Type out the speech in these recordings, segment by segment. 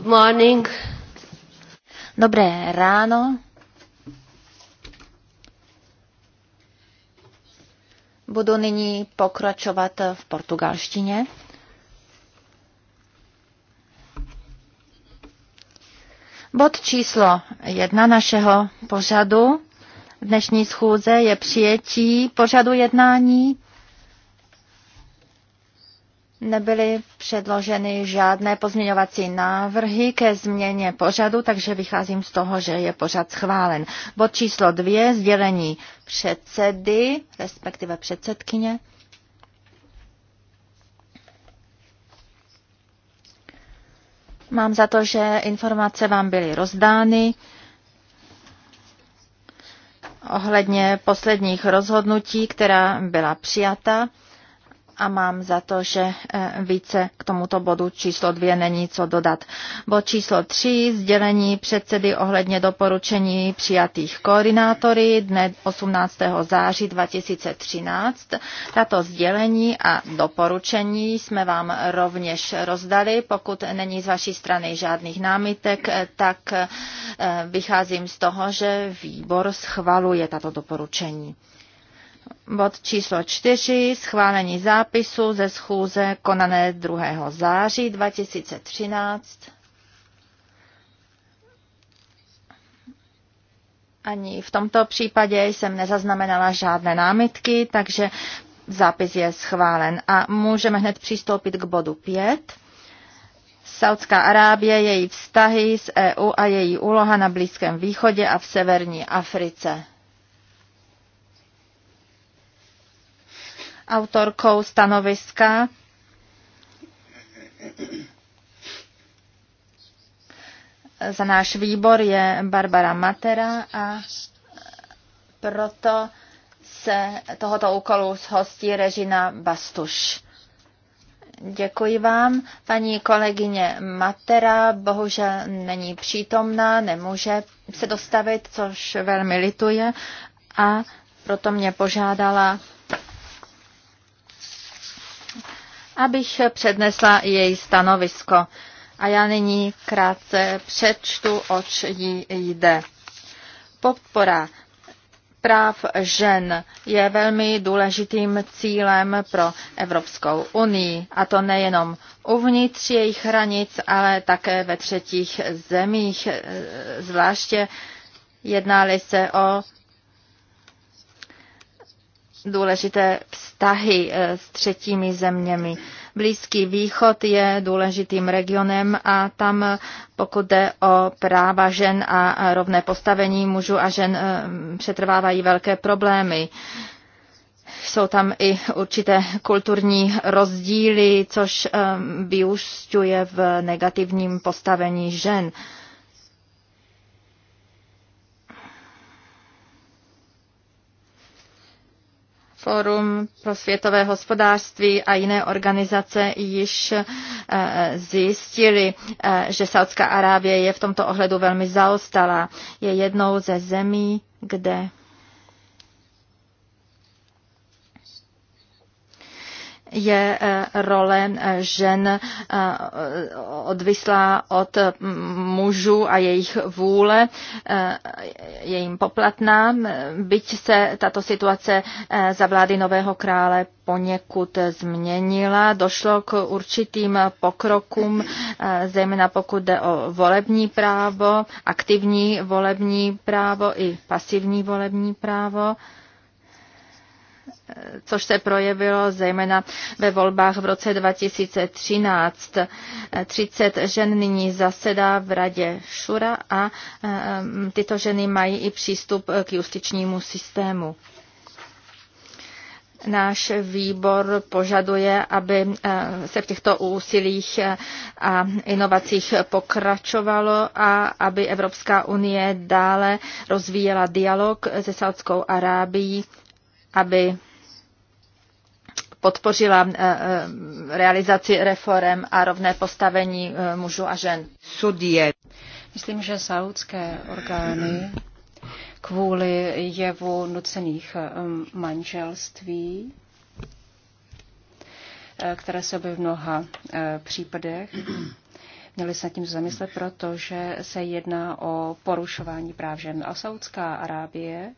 Good morning. Dobré ráno. Budu nyní pokračovat v portugalštině. Bod číslo jedna našeho pořadu dnešní schůze je přijetí pořadu jednání. Nebyly předloženy žádné pozměňovací návrhy ke změně pořadu, takže vycházím z toho, že je pořad schválen. Bod číslo dvě, sdělení předsedy, respektive předsedkyně. Mám za to, že informace vám byly rozdány ohledně posledních rozhodnutí, která byla přijata a mám za to, že eh, více k tomuto bodu číslo dvě není co dodat. Bod číslo tři, sdělení předsedy ohledně doporučení přijatých koordinátory dne 18. září 2013. Tato sdělení a doporučení jsme vám rovněž rozdali. Pokud není z vaší strany žádných námitek, eh, tak eh, vycházím z toho, že výbor schvaluje tato doporučení. Bod číslo 4. Schválení zápisu ze schůze konané 2. září 2013. Ani v tomto případě jsem nezaznamenala žádné námitky, takže zápis je schválen. A můžeme hned přistoupit k bodu 5. Saudská Arábie, její vztahy s EU a její úloha na Blízkém východě a v severní Africe. autorkou stanoviska. Za náš výbor je Barbara Matera a proto se tohoto úkolu zhostí Režina Bastuš. Děkuji vám. Paní kolegyně Matera bohužel není přítomná, nemůže se dostavit, což velmi lituje a proto mě požádala abych přednesla její stanovisko. A já nyní krátce přečtu, oč jí jde. Podpora práv žen je velmi důležitým cílem pro Evropskou unii, a to nejenom uvnitř jejich hranic, ale také ve třetích zemích, zvláště jednáli se o důležité vztahy eh, s třetími zeměmi. Blízký východ je důležitým regionem a tam, eh, pokud jde o práva žen a rovné postavení mužů a žen, eh, přetrvávají velké problémy. Jsou tam i určité kulturní rozdíly, což vyústňuje v negativním postavení žen. Fórum pro světové hospodářství a jiné organizace již eh, zjistili, eh, že Saudská Arábie je v tomto ohledu velmi zaostalá. Je jednou ze zemí, kde je eh, role eh, žen eh, odvislá od mm, mužů a jejich vůle, je jim poplatná, byť se tato situace za vlády Nového krále poněkud změnila. Došlo k určitým pokrokům, zejména pokud jde o volební právo, aktivní volební právo i pasivní volební právo což se projevilo zejména ve volbách v roce 2013. 30 žen nyní zasedá v radě Šura a e, tyto ženy mají i přístup k justičnímu systému. Náš výbor požaduje, aby e, se v těchto úsilích e, a inovacích pokračovalo a aby Evropská unie dále rozvíjela dialog se Saudskou Arábií, aby podpořila eh, eh, realizaci reform a rovné postavení eh, mužů a žen. Sudie. Myslím, že saudské orgány kvůli jevu nucených manželství, které se objeví v mnoha případech, měli se nad tím zamyslet, protože se jedná o porušování práv žen. A Saudská Arábie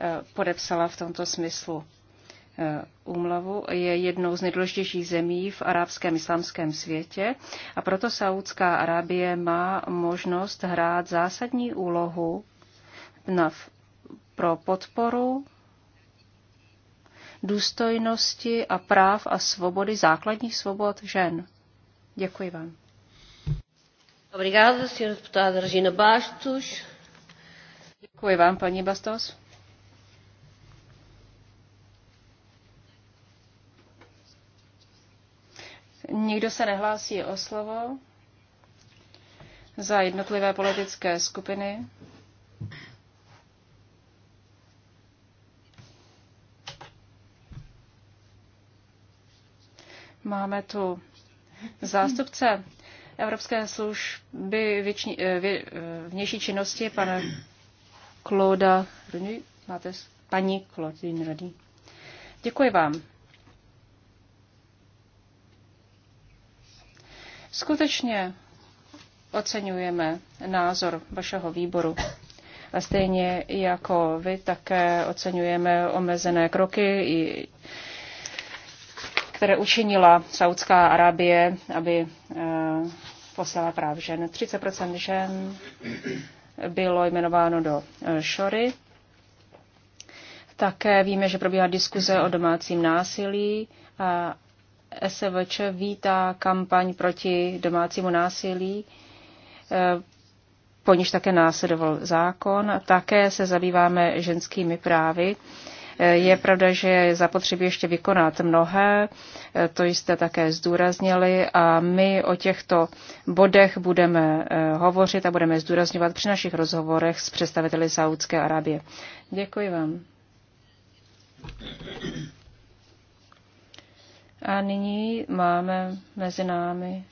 Eh, podepsala v tomto smyslu eh, úmlavu je jednou z nejdůležitějších zemí v arabském islámském světě a proto Saudská Arábie má možnost hrát zásadní úlohu na, pro podporu důstojnosti a práv a svobody, základních svobod žen. Děkuji vám. Obrigada, senhora deputada Regina Bastos. Děkuji vám, paní Bastos. Nikdo se nehlásí o slovo za jednotlivé politické skupiny. Máme tu zástupce Evropské služby eh, eh, vnější činnosti, pana Kloda Rudy. Máte paní Claude Rudy. Děkuji vám. Skutečně oceňujeme názor vašeho výboru. A stejně jako vy také oceňujeme omezené kroky, které učinila Saudská Arábie, aby eh, poslala práv žen. 30 žen bylo jmenováno do eh, šory. Také víme, že probíhá diskuze o domácím násilí a SVČ vítá kampaň proti domácímu násilí, eh, po níž také následoval zákon. Také se zabýváme ženskými právy. Eh, je pravda, že je zapotřebí ještě vykonat mnohé, eh, to jste také zdůraznili a my o těchto bodech budeme hovořit a budeme zdůrazňovat při našich rozhovorech s představiteli Saudské Arábie. Děkuji vám. A nyní máme mezi námi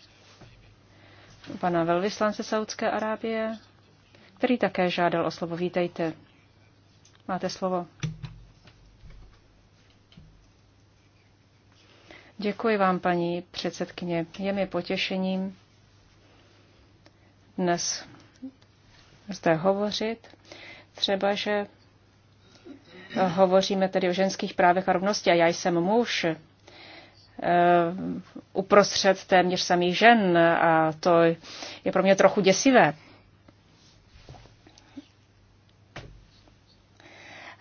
pana velvyslance Saudské Arábie, který také žádal o slovo. Vítejte. Máte slovo. Děkuji vám, paní předsedkyně. Je mi potěšením dnes zde hovořit. Třeba, že hovoříme tedy o ženských právech a rovnosti a já jsem muž, Eh, uprostřed téměř samých žen a to je pro mě trochu děsivé.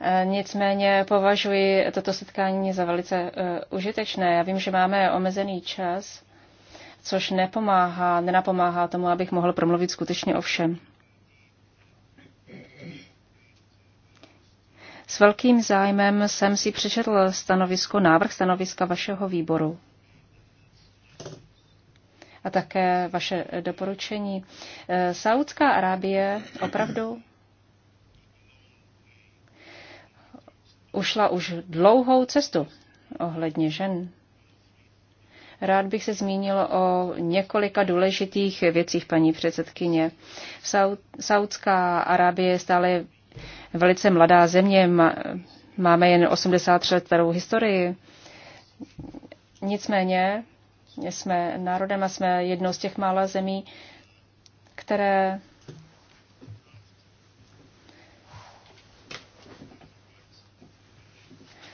Eh, nicméně považuji toto setkání za velice eh, užitečné. Já vím, že máme omezený čas, což nepomáhá, nenapomáhá tomu, abych mohl promluvit skutečně o všem. S velkým zájmem jsem si přečetl stanovisko, návrh stanoviska vašeho výboru a také vaše doporučení. Eh, Saudská Arábie opravdu ušla už dlouhou cestu ohledně žen. Rád bych se zmínil o několika důležitých věcích, paní předsedkyně. Saudská Arábie je stále velice mladá země, máme jen 83 let starou historii. Nicméně jsme národem a jsme jednou z těch mála zemí, které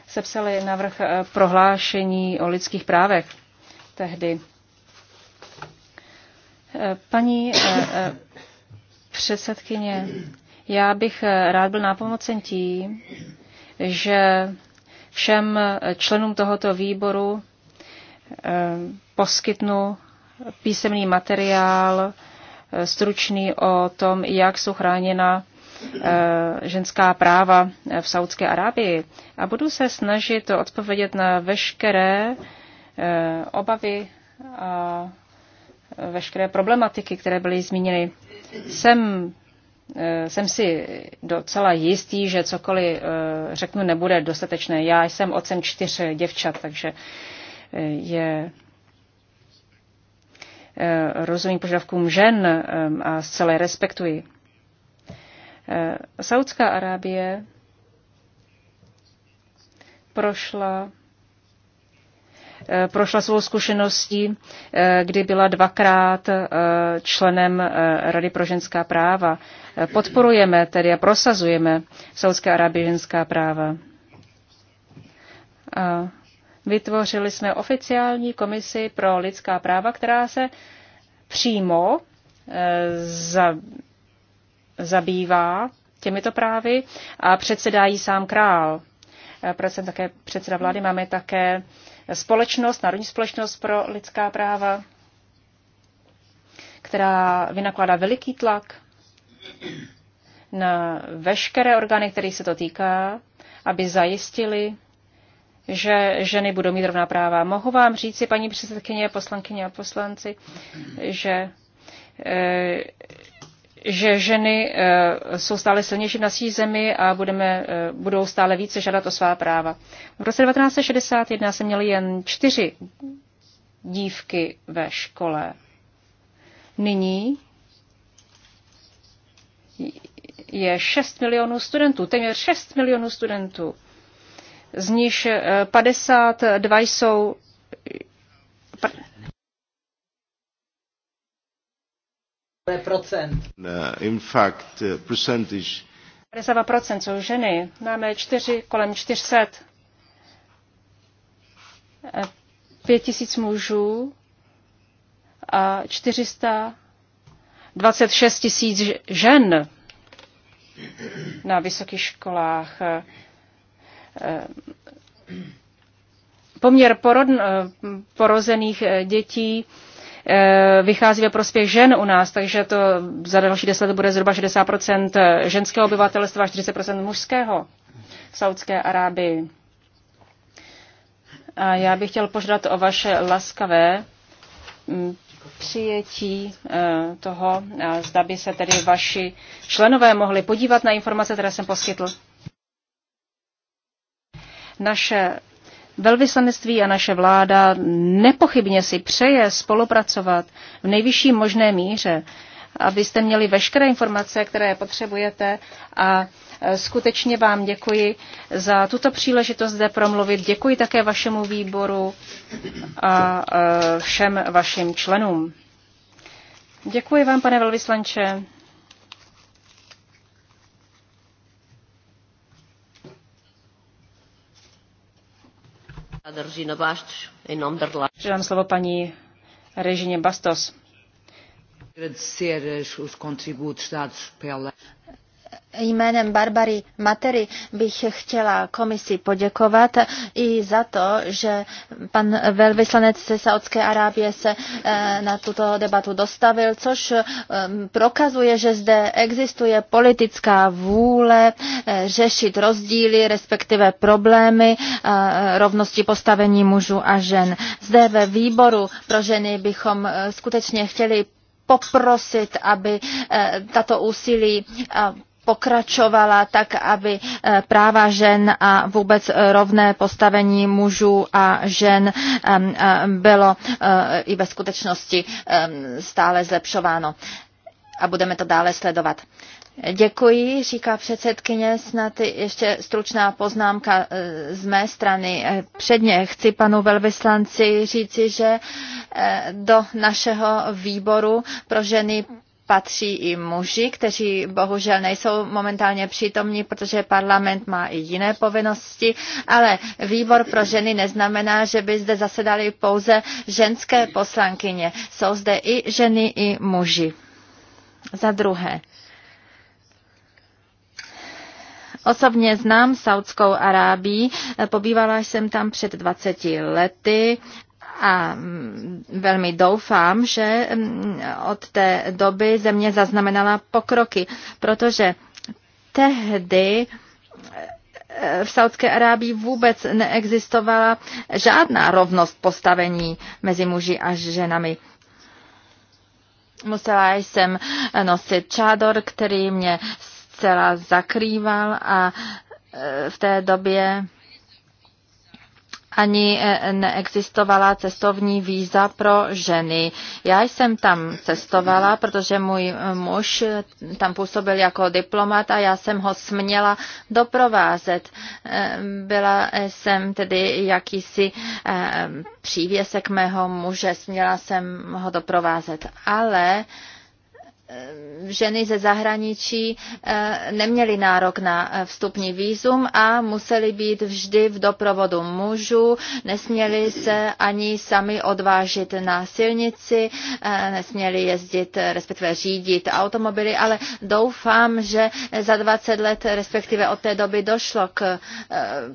sepsali návrh eh, prohlášení o lidských právech tehdy. Eh, paní eh, předsedkyně já bych eh, rád byl nápomocen tím, že všem členům tohoto výboru eh, poskytnu písemný materiál eh, stručný o tom, jak jsou chráněna ženská práva v Saudské Arábii. A budu se snažit odpovědět na veškeré obavy a veškeré problematiky, které byly zmíněny. Jsem Eh, jsem si docela jistý, že cokoliv eh, řeknu nebude dostatečné. Já jsem otcem čtyř děvčat, takže eh, je rozumím požadavkům žen a zcela respektuji. Saudská Arábie prošla Eh, prošla svou zkušeností, eh, kdy byla dvakrát eh, členem Rady pro ženská práva. Podporujeme tedy a prosazujeme v Saudské Arábii ženská práva. A vytvořili jsme oficiální komisi pro lidská práva, která se přímo za, zabývá těmito právy a předsedá jí sám král. Protože jsem také předseda vlády, máme také společnost, Národní společnost pro lidská práva, která vynakládá veliký tlak na veškeré orgány, které se to týká, aby zajistili, že ženy budou mít rovná práva. Mohu vám říci, paní předsedkyně, poslankyně a poslanci, že eh, že ženy eh, jsou stále silnější v naší zemi a budeme, eh, budou stále více žádat o svá práva. V roce 1961 jsem měli jen čtyři dívky ve škole. Nyní je 6 milionů studentů, téměř 6 milionů studentů. Z nich 52 eh, jsou procent. In fact, eh, percentage 52% jsou ženy. Máme čtyři, kolem 400 5000 eh, mužů a 426 tisíc žen na vysokých školách. Eh, poměr porozených dětí Eh, vychází ve prospěch žen u nás, takže to za další deset let bude zhruba 60% ženského obyvatelstva a 40% mužského v Saudské Arábii. A já bych chtěl požádat o vaše laskavé mm, přijetí eh, toho, zda by se tedy vaši členové mohli podívat na informace, které jsem poskytl. Naše Velvyslanectví a naše vláda nepochybně si přeje spolupracovat v nejvyšší možné míře, abyste měli veškeré informace, které potřebujete a e, skutečně vám děkuji za tuto příležitost zde promluvit. Děkuji také vašemu výboru a e, všem vašim členům. Děkuji vám, pane velvyslanče. Předám slovo paní Režině Bastos. Jménem Barbary Matery bych chtěla komisi poděkovat i za to, že pan velvyslanec ze Saudské Arábie se eh, na tuto debatu dostavil, což eh, prokazuje, že zde existuje politická vůle eh, řešit rozdíly, respektive problémy rovnosti postavení mužů a žen. Zde ve výboru pro ženy bychom skutečně chtěli poprosit, aby tato úsilí pokračovala tak, aby eh, práva žen a vůbec rovné postavení mužů a žen bylo eh, i ve skutečnosti stále zlepšováno. A budeme to dále sledovat. Děkuji, říká předsedkyně. Snad ještě stručná poznámka eh, z mé strany. Předně chci panu velvyslanci říci, že do našeho výboru pro ženy patří i muži, kteří bohužel nejsou momentálně přítomní, protože parlament má i jiné povinnosti, ale výbor pro ženy neznamená, že by zde zasedali pouze ženské poslankyně. Jsou zde i ženy, i muži. Za druhé, Osobně znám Saudskou Arábii, pobývala jsem tam před 20 lety a mm, velmi doufám, že mm, od té doby země zaznamenala pokroky, protože tehdy e, v Saudské Arábii vůbec neexistovala žádná rovnost postavení mezi muži a ženami. Musela jsem nosit čádor, který mě zcela zakrýval a e, v té době ani e, neexistovala cestovní víza pro ženy. Já jsem tam cestovala, protože můj e, muž tam působil jako diplomat a já jsem ho směla doprovázet. E, byla jsem tedy jakýsi přívěsek mého muže, směla jsem ho doprovázet. Ale Eh, ženy ze zahraničí eh, neměly nárok na eh, vstupní výzum a museli být vždy v doprovodu mužů, nesměli se ani sami odvážit na silnici, nesměli jezdit, respektive řídit automobily, ale doufám, že za 20 let, respektive od té doby došlo k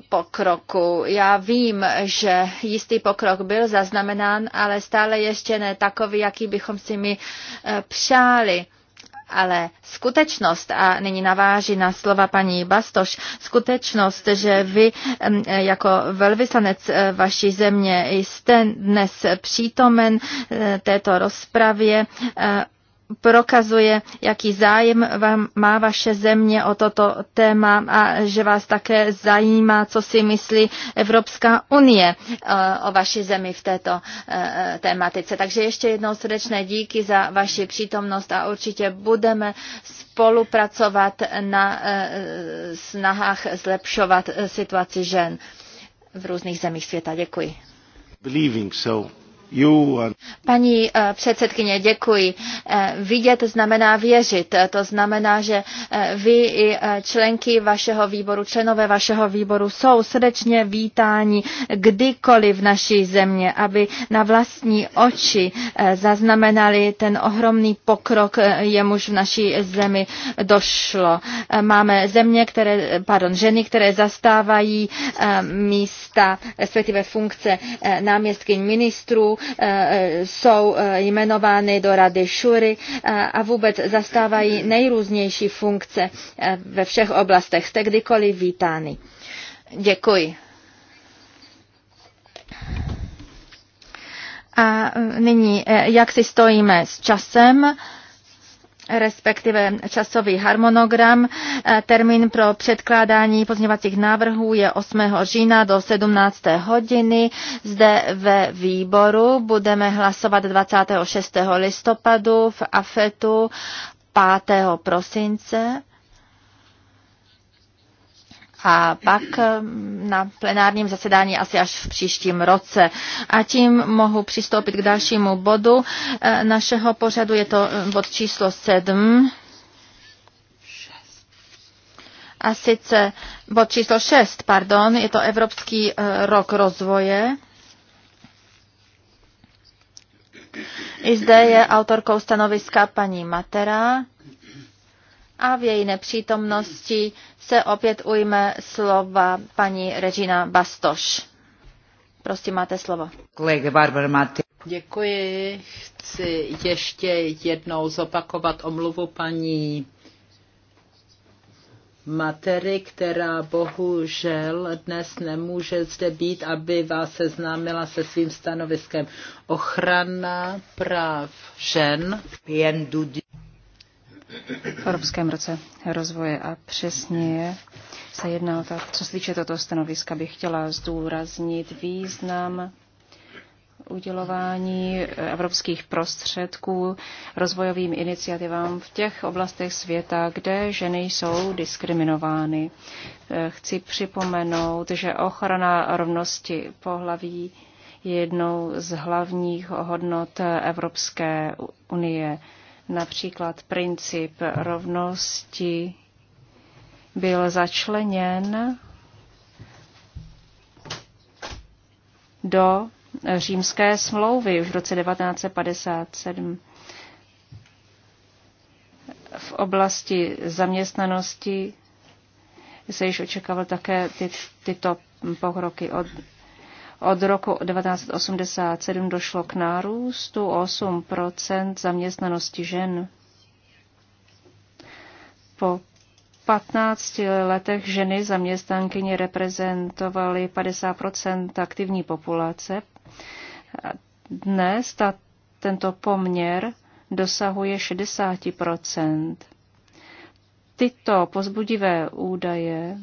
pokroku. Já vím, že jistý pokrok byl zaznamenán, ale stále ještě ne takový, jaký bychom si my přáli ale skutečnost, a nyní naváží na slova paní Bastoš, skutečnost, že vy jako velvyslanec eh, vaší země jste dnes přítomen eh, této rozpravě, eh, prokazuje, jaký zájem vám má vaše země o toto téma a že vás také zajímá, co si myslí Evropská unie eh, o vaší zemi v této eh, tématice. Takže ještě jednou srdečné díky za vaši přítomnost a určitě budeme spolupracovat na eh, snahách zlepšovat situaci žen v různých zemích světa. Děkuji. Believing so. Paní eh, předsedkyně, děkuji. Eh, vidět znamená věřit. Eh, to znamená, že vy i členky vašeho výboru, členové vašeho výboru jsou srdečně vítáni kdykoliv v naší země, aby na vlastní oči zaznamenali ten ohromný pokrok, jemuž v naší zemi došlo. Máme země, které, pardon, ženy, které zastávají místa, respektive funkce náměstkyň ministrů, Eh, jsou eh, jmenovány do Rady Šury eh, a vůbec zastávají nejrůznější funkce ve všech oblastech. Jste kdykoliv vítány. Děkuji. A nyní, jak si stojíme s časem? respektive časový harmonogram. E, termín pro předkládání pozměňovacích návrhů je 8. října do 17. hodiny. Zde ve výboru budeme hlasovat 26. listopadu v AFETu 5. prosince a pak mm, na plenárním zasedání asi až v příštím roce. A tím mohu přistoupit k dalšímu bodu eh, našeho pořadu. Je to eh, bod číslo 7. A sice bod číslo 6, pardon, je to Evropský eh, rok rozvoje. I zde je autorkou stanoviska paní Matera a v její nepřítomnosti se opět ujme slova paní Regina Bastoš. Prostě máte slovo. Kolega Barbara Mati. Děkuji. Chci ještě jednou zopakovat omluvu paní Matery, která bohužel dnes nemůže zde být, aby vás seznámila se svým stanoviskem. Ochrana práv žen. Evropském roce rozvoje a přesně se jedná o to, co se týče toto stanoviska, bych chtěla zdůraznit význam udělování evropských prostředků rozvojovým iniciativám v těch oblastech světa, kde ženy jsou diskriminovány. Chci připomenout, že ochrana rovnosti pohlaví je jednou z hlavních hodnot Evropské unie Například princip rovnosti byl začleněn do římské smlouvy už v roce 1957 v oblasti zaměstnanosti se již očekával také ty, tyto pokroky. Od od roku 1987 došlo k nárůstu 8 zaměstnanosti žen. Po 15 letech ženy zaměstnankyně reprezentovaly 50 aktivní populace. Dnes ta, tento poměr dosahuje 60 Tyto pozbudivé údaje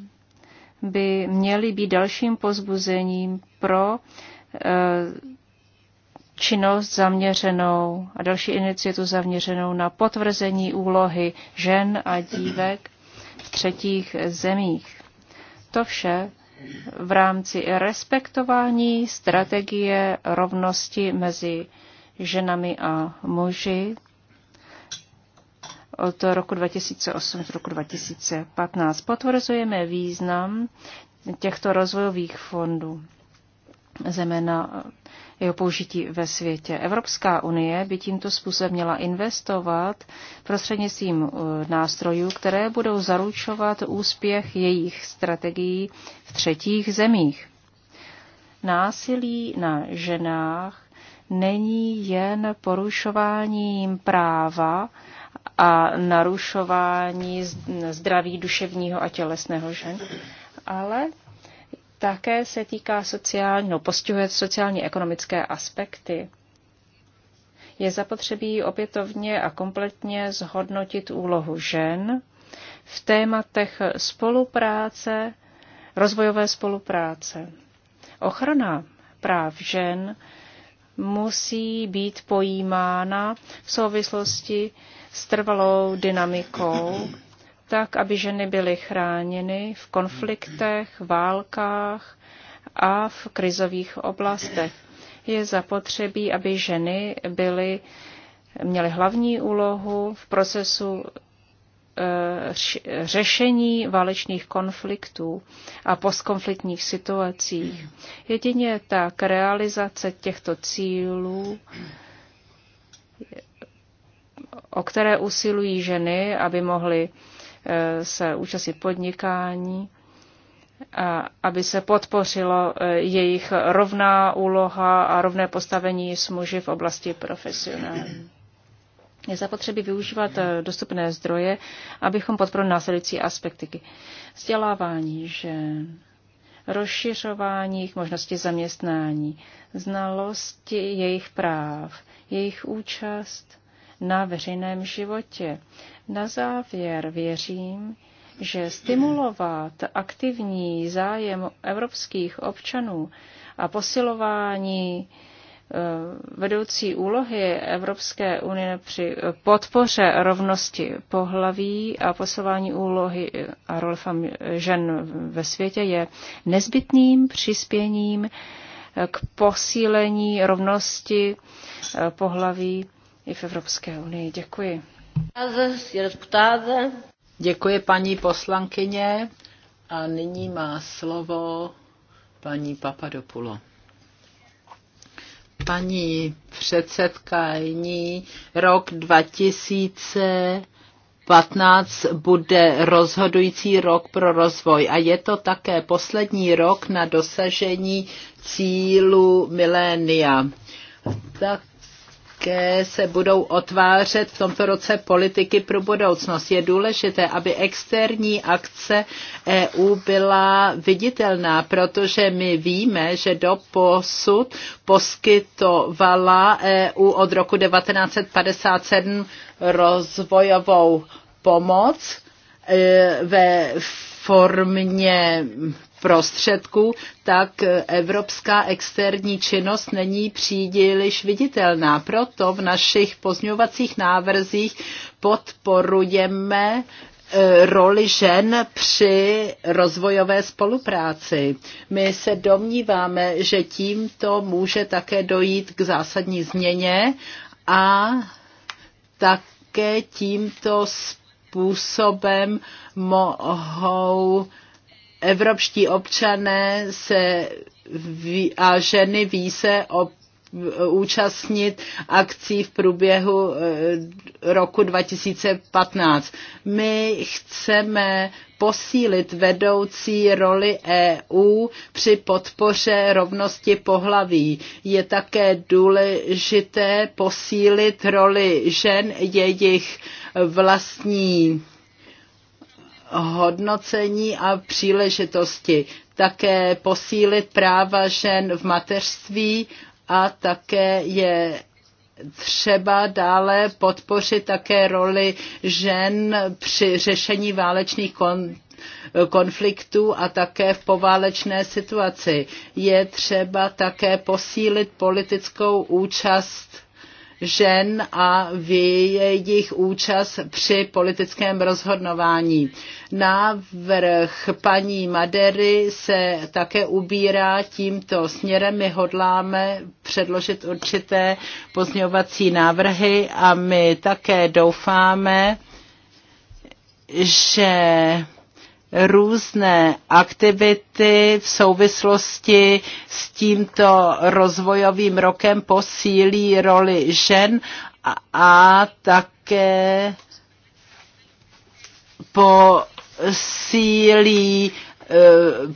by měly být dalším pozbuzením pro eh, činnost zaměřenou a další iniciativu zaměřenou na potvrzení úlohy žen a dívek v třetích zemích. To vše v rámci respektování strategie rovnosti mezi ženami a muži od roku 2008 do roku 2015. Potvrzujeme význam těchto rozvojových fondů, zejména jeho použití ve světě. Evropská unie by tímto způsobem měla investovat prostřednictvím eh, nástrojů, které budou zaručovat úspěch jejich strategií v třetích zemích. Násilí na ženách není jen porušováním práva, a narušování zdraví duševního a tělesného žen, ale také se týká sociální, no, postihuje sociálně ekonomické aspekty. Je zapotřebí opětovně a kompletně zhodnotit úlohu žen v tématech spolupráce, rozvojové spolupráce. Ochrana práv žen musí být pojímána v souvislosti s trvalou dynamikou, tak, aby ženy byly chráněny v konfliktech, válkách a v krizových oblastech. Je zapotřebí, aby ženy byly, měly hlavní úlohu v procesu eh, řešení válečných konfliktů a postkonfliktních situací. Jedině tak realizace těchto cílů o které usilují ženy, aby mohly eh, se účastnit podnikání a aby se podpořilo eh, jejich rovná úloha a rovné postavení s muži v oblasti profesionální. Je zapotřebí využívat eh, dostupné zdroje, abychom podporovali následující aspekty. Vzdělávání žen, rozšiřování jejich možností zaměstnání, znalosti jejich práv, jejich účast na veřejném životě. Na závěr věřím, že stimulovat aktivní zájem evropských občanů a posilování eh, vedoucí úlohy Evropské unie při eh, podpoře rovnosti pohlaví a posilování úlohy eh, a role žen ve světě je nezbytným přispěním k posílení rovnosti pohlaví i v Evropské unii. Děkuji. Děkuji paní poslankyně a nyní má slovo paní Papadopulo paní předsedkyní, rok 2015 bude rozhodující rok pro rozvoj a je to také poslední rok na dosažení cílu milénia. Tak jaké se budou otvářet v tomto roce politiky pro budoucnost. Je důležité, aby externí akce EU byla viditelná, protože my víme, že do posud poskytovala EU od roku 1957 rozvojovou pomoc e, ve formě prostředků, tak evropská externí činnost není příliš viditelná. Proto v našich pozňovacích návrzích podporujeme e, roli žen při rozvojové spolupráci. My se domníváme, že tímto může také dojít k zásadní změně a také tímto způsobem mohou evropští občané se ví, a ženy ví se o účastnit akcí v průběhu eh, roku 2015. My chceme posílit vedoucí roli EU při podpoře rovnosti pohlaví. Je také důležité posílit roli žen, jejich vlastní hodnocení a příležitosti, také posílit práva žen v mateřství a také je třeba dále podpořit také roli žen při řešení válečných kon, konfliktů a také v poválečné situaci. Je třeba také posílit politickou účast žen a v jejich účast při politickém rozhodnování. Návrh paní Madery se také ubírá tímto směrem. My hodláme předložit určité pozňovací návrhy a my také doufáme, že různé aktivity v souvislosti s tímto rozvojovým rokem posílí roli žen a, a také posílí e,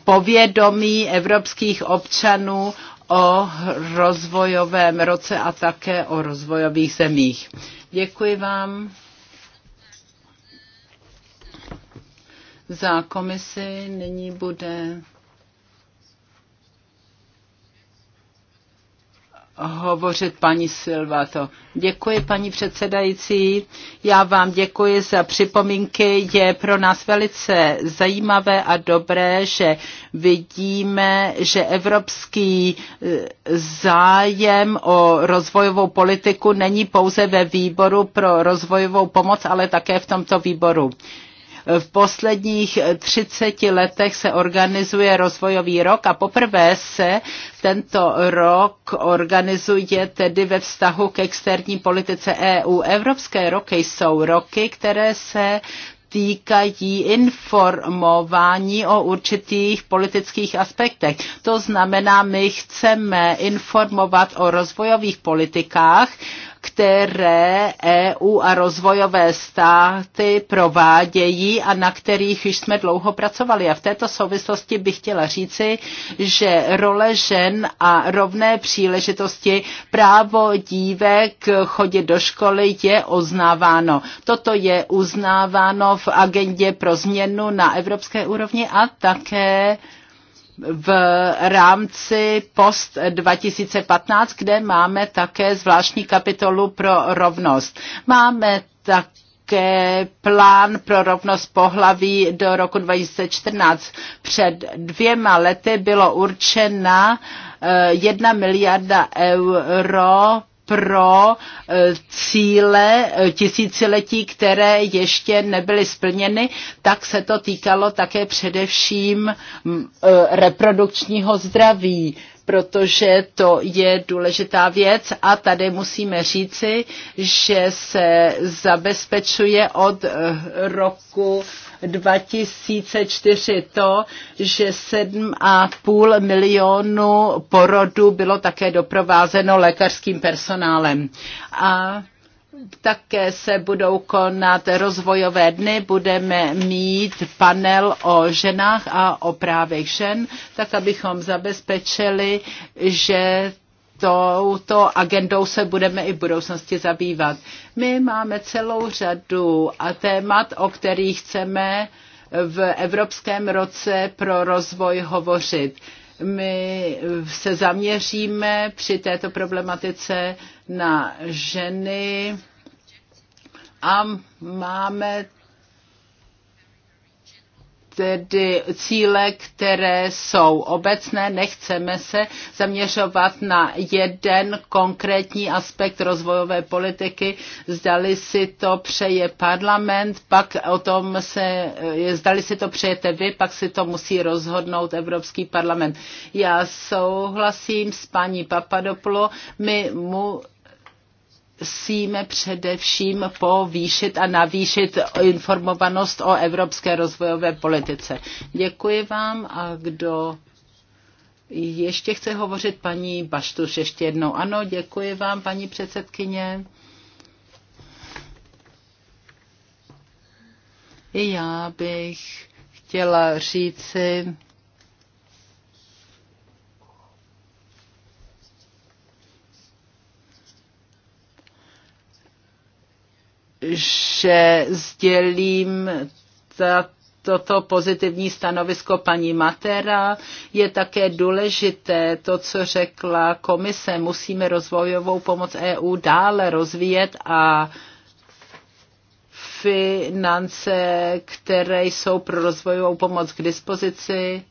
povědomí evropských občanů o rozvojovém roce a také o rozvojových zemích. Děkuji vám. za komisi. Nyní bude hovořit paní Silvato. Děkuji, paní předsedající. Já vám děkuji za připomínky. Je pro nás velice zajímavé a dobré, že vidíme, že evropský eh, zájem o rozvojovou politiku není pouze ve výboru pro rozvojovou pomoc, ale také v tomto výboru. V posledních 30 letech se organizuje rozvojový rok a poprvé se tento rok organizuje tedy ve vztahu k externí politice EU. Evropské roky jsou roky, které se týkají informování o určitých politických aspektech. To znamená, my chceme informovat o rozvojových politikách které EU a rozvojové státy provádějí a na kterých již jsme dlouho pracovali. A v této souvislosti bych chtěla říci, že role žen a rovné příležitosti právo dívek chodit do školy je uznáváno. Toto je uznáváno v agendě pro změnu na evropské úrovni a také v rámci post 2015, kde máme také zvláštní kapitolu pro rovnost. Máme tak také plán pro rovnost pohlaví do roku 2014. Před dvěma lety bylo určena eh, jedna miliarda euro pro eh, cíle eh, tisíciletí, které ještě nebyly splněny, tak se to týkalo také především mm, eh, reprodukčního zdraví, protože to je důležitá věc a tady musíme říci, že se zabezpečuje od roku 2004 to, že 7,5 milionu porodů bylo také doprovázeno lékařským personálem. A také se budou konat rozvojové dny, budeme mít panel o ženách a o právech žen, tak abychom zabezpečili, že touto agendou se budeme i v budoucnosti zabývat. My máme celou řadu a témat, o kterých chceme v Evropském roce pro rozvoj hovořit. My se zaměříme při této problematice na ženy a máme tedy cíle, které jsou obecné, nechceme se zaměřovat na jeden konkrétní aspekt rozvojové politiky. Zdali si to přeje parlament, pak o tom se, eh, zdali si to přejete vy, pak si to musí rozhodnout Evropský parlament. Já souhlasím s paní Papadopoulou, my mu musíme především povýšit a navýšit informovanost o evropské rozvojové politice. Děkuji vám a kdo ještě chce hovořit paní Baštuš ještě jednou. Ano, děkuji vám, paní předsedkyně. I já bych chtěla říci, že sdělím ta, toto pozitivní stanovisko paní Matera. Je také důležité to, co řekla komise. Musíme rozvojovou pomoc EU dále rozvíjet a finance, které jsou pro rozvojovou pomoc k dispozici,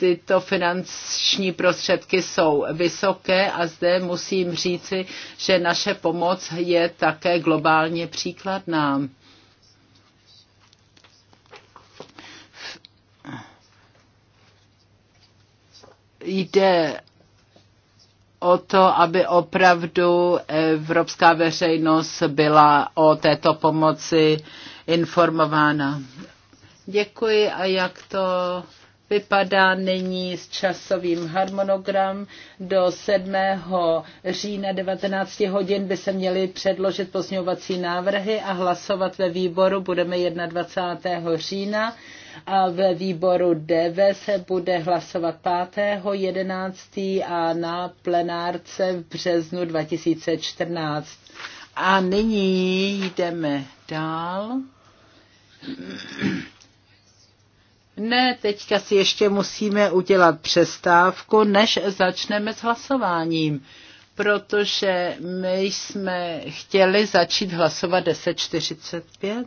tyto finanční prostředky jsou vysoké a zde musím říci, že naše pomoc je také globálně příkladná. Jde o to, aby opravdu evropská veřejnost byla o této pomoci informována. Děkuji a jak to vypadá nyní s časovým harmonogram. Do 7. října 19 hodin by se měly předložit pozňovací návrhy a hlasovat ve výboru budeme 21. října a ve výboru DV se bude hlasovat 5. 11. a na plenárce v březnu 2014. A nyní jdeme dál. Ne, teďka si ještě musíme udělat přestávku, než začneme s hlasováním, protože my jsme chtěli začít hlasovat 10.45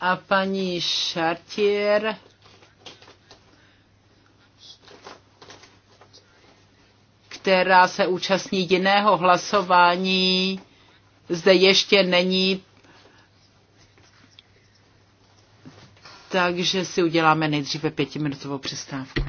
a paní Chartier která se účastní jiného hlasování, zde ještě není, takže si uděláme nejdříve pětiminutovou přestávku.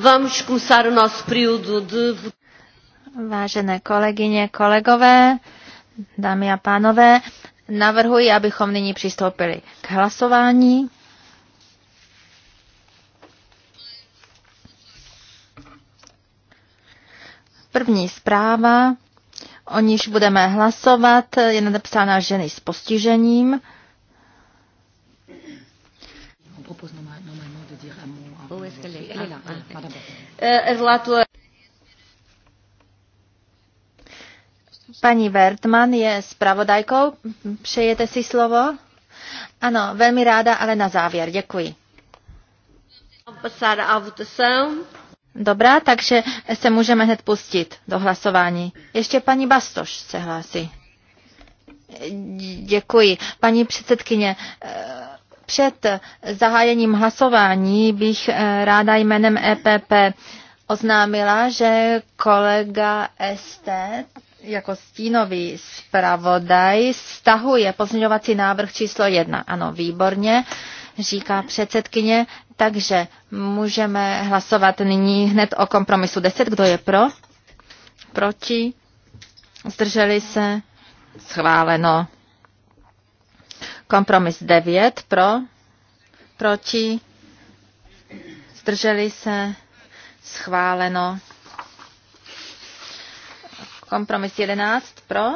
Vamos começar o nosso período de... Vážené kolegyně, kolegové, dámy a pánové, navrhuji, abychom nyní přistoupili k hlasování. První zpráva, o níž budeme hlasovat, je napsána ženy s postižením. Eh, a relatora. Paní Wertmann je spravodajkou. Přejete si slovo? Ano, velmi ráda, ale na závěr. Děkuji. Dobrá, takže se můžeme hned pustit do hlasování. Ještě paní Bastoš se hlásí. Děkuji. Paní předsedkyně, eh, před zahájením hlasování bych eh, ráda jménem EPP oznámila, že kolega ST jako stínový zpravodaj stahuje pozměňovací návrh číslo jedna. Ano, výborně, říká předsedkyně, takže můžeme hlasovat nyní hned o kompromisu 10. Kdo je pro? Proti? Zdrželi se? Schváleno. Kompromis 9 pro, proti, zdrželi se, schváleno. Kompromis 11 pro,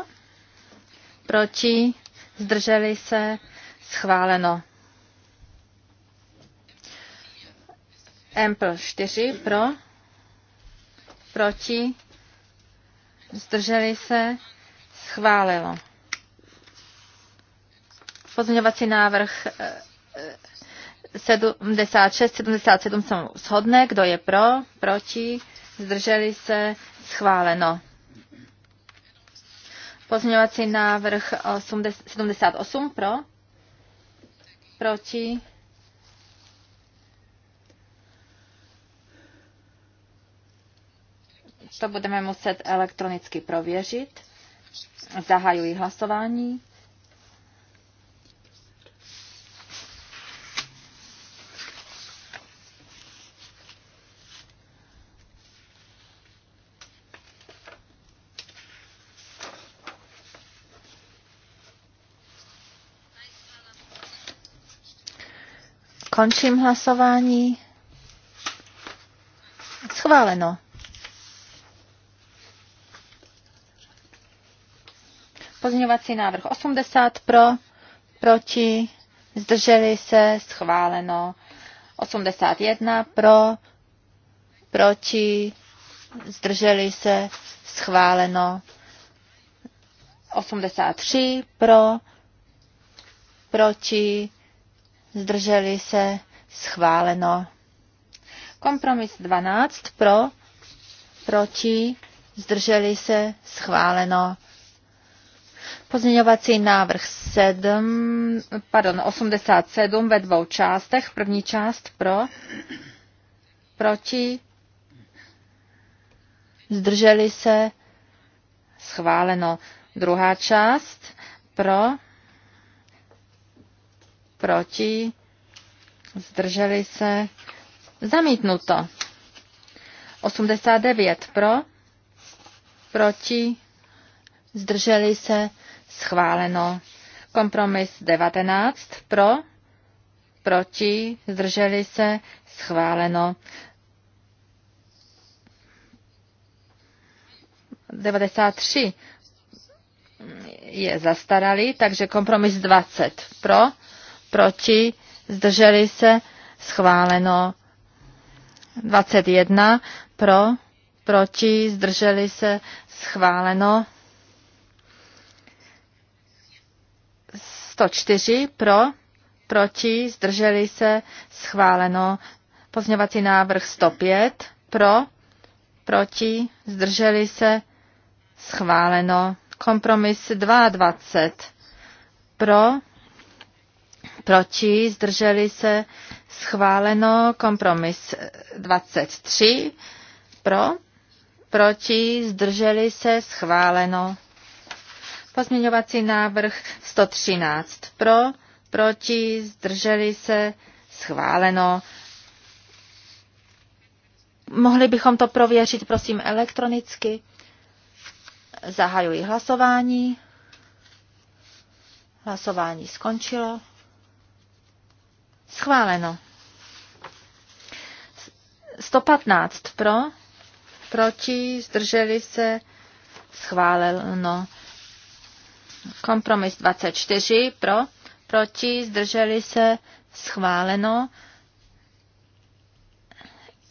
proti, zdrželi se, schváleno. Empl 4 pro, proti, zdrželi se, schválilo. Pozměňovací návrh 76, eh, 77 jsou shodné. Kdo je pro? Proti? Zdrželi se? Schváleno. Pozměňovací návrh 78 pro? Proti? To budeme muset elektronicky prověřit. Zahajuji hlasování. Končím hlasování. Schváleno. Pozměňovací návrh 80 pro, proti, zdrželi se, schváleno. 81 pro, proti, zdrželi se, schváleno. 83 pro, proti, zdrželi se, schváleno. Kompromis 12 pro, proti, zdrželi se, schváleno. Pozměňovací návrh 7, pardon, 87 ve dvou částech. První část pro, proti, zdrželi se, schváleno. Druhá část pro, proti, zdrželi se, zamítnuto. 89 pro, proti, zdrželi se, schváleno. Kompromis 19 pro, proti, zdrželi se, schváleno. 93 je zastaralý, takže kompromis 20 pro, proti, zdrželi se, schváleno. 21 pro, proti, zdrželi se, schváleno. 104 pro, proti, zdrželi se, schváleno. Pozměňovací návrh 105 pro, proti, zdrželi se, schváleno. Kompromis 22 pro, proti, zdrželi se, schváleno, kompromis 23, pro, proti, zdrželi se, schváleno. Pozměňovací návrh 113 pro, proti, zdrželi se, schváleno. Mohli bychom to prověřit, prosím, elektronicky. Zahajuji hlasování. Hlasování skončilo. Schváleno. 115 pro, proti, zdrželi se, schváleno. Kompromis 24 pro, proti, zdrželi se, schváleno.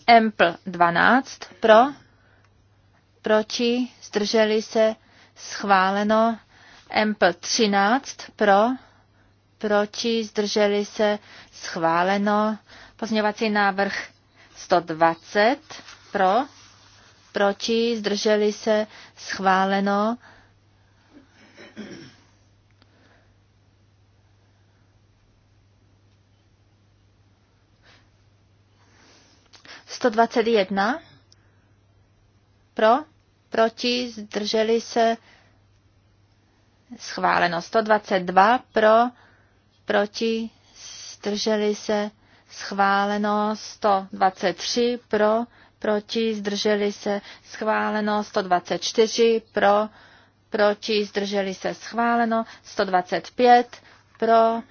Empl 12 pro, proti, zdrželi se, schváleno. Empl 13 pro, proti, zdrželi se, schváleno. Pozměňovací návrh 120 pro, proti, zdrželi se, schváleno. Sto dvacet jedna pro, proti, zdrželi se, schváleno. Sto dvacet dva pro, proti, zdrželi se, schváleno 123 pro, proti, zdrželi se, schváleno 124 pro, proti, zdrželi se, schváleno 125 pro,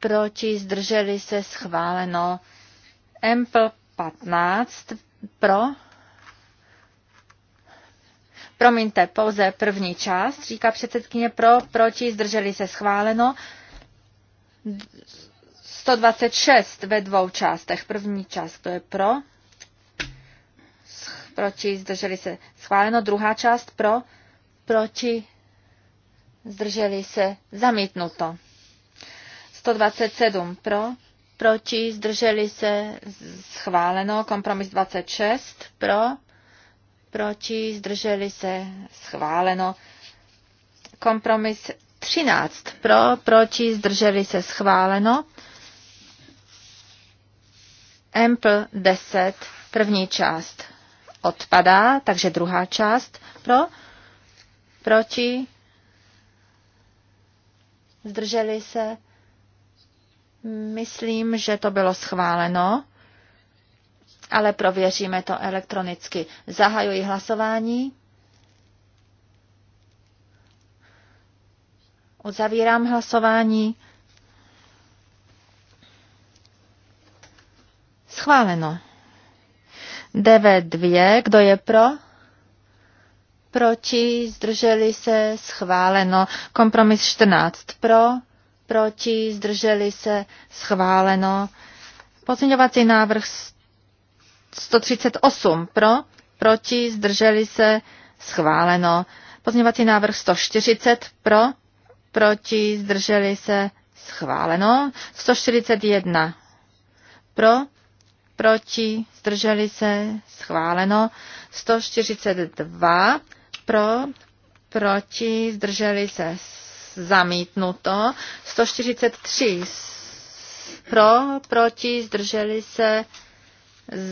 proti, zdrželi se, schváleno MPL 15 pro, Promiňte, pouze první část, říká předsedkyně pro, proti, zdrželi se schváleno, 126 ve dvou částech. První část, kdo je pro, proti, zdrželi se. Schváleno druhá část pro, proti, zdrželi se. Zamítnuto. 127 pro, proti, zdrželi se. Schváleno. Kompromis 26 pro, proti, zdrželi se. Schváleno. Kompromis 13 pro, proti, zdrželi se schváleno. Ample 10, první část odpadá, takže druhá část pro, proti, zdrželi se. Myslím, že to bylo schváleno, ale prověříme to elektronicky. Zahajuji hlasování. Uzavírám hlasování. Schváleno. 9.2. kdo je pro? Proti, zdrželi se, schváleno. Kompromis 14 pro, proti, zdrželi se, schváleno. Pozměňovací návrh 138 pro, proti, zdrželi se, schváleno. Pozměňovací návrh 140 pro, proti, zdrželi se, schváleno. 141 pro, proti, zdrželi se, schváleno. 142 pro, proti, zdrželi se, zamítnuto. 143 pro, proti, zdrželi se,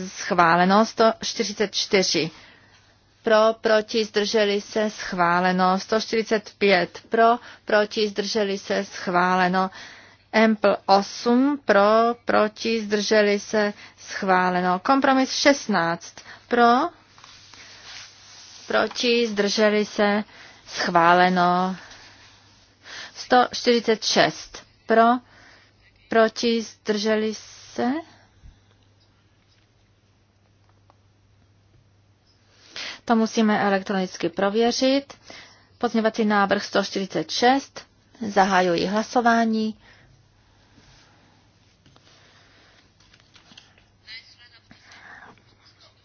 schváleno. 144 pro, proti, zdrželi se, schváleno. 145 pro, proti, zdrželi se, schváleno. Empl 8 pro, proti, zdrželi se, schváleno. Kompromis 16 pro, proti, zdrželi se, schváleno. 146 pro, proti, zdrželi se, To musíme elektronicky prověřit. Pozměňovací návrh 146. Zahájuji hlasování.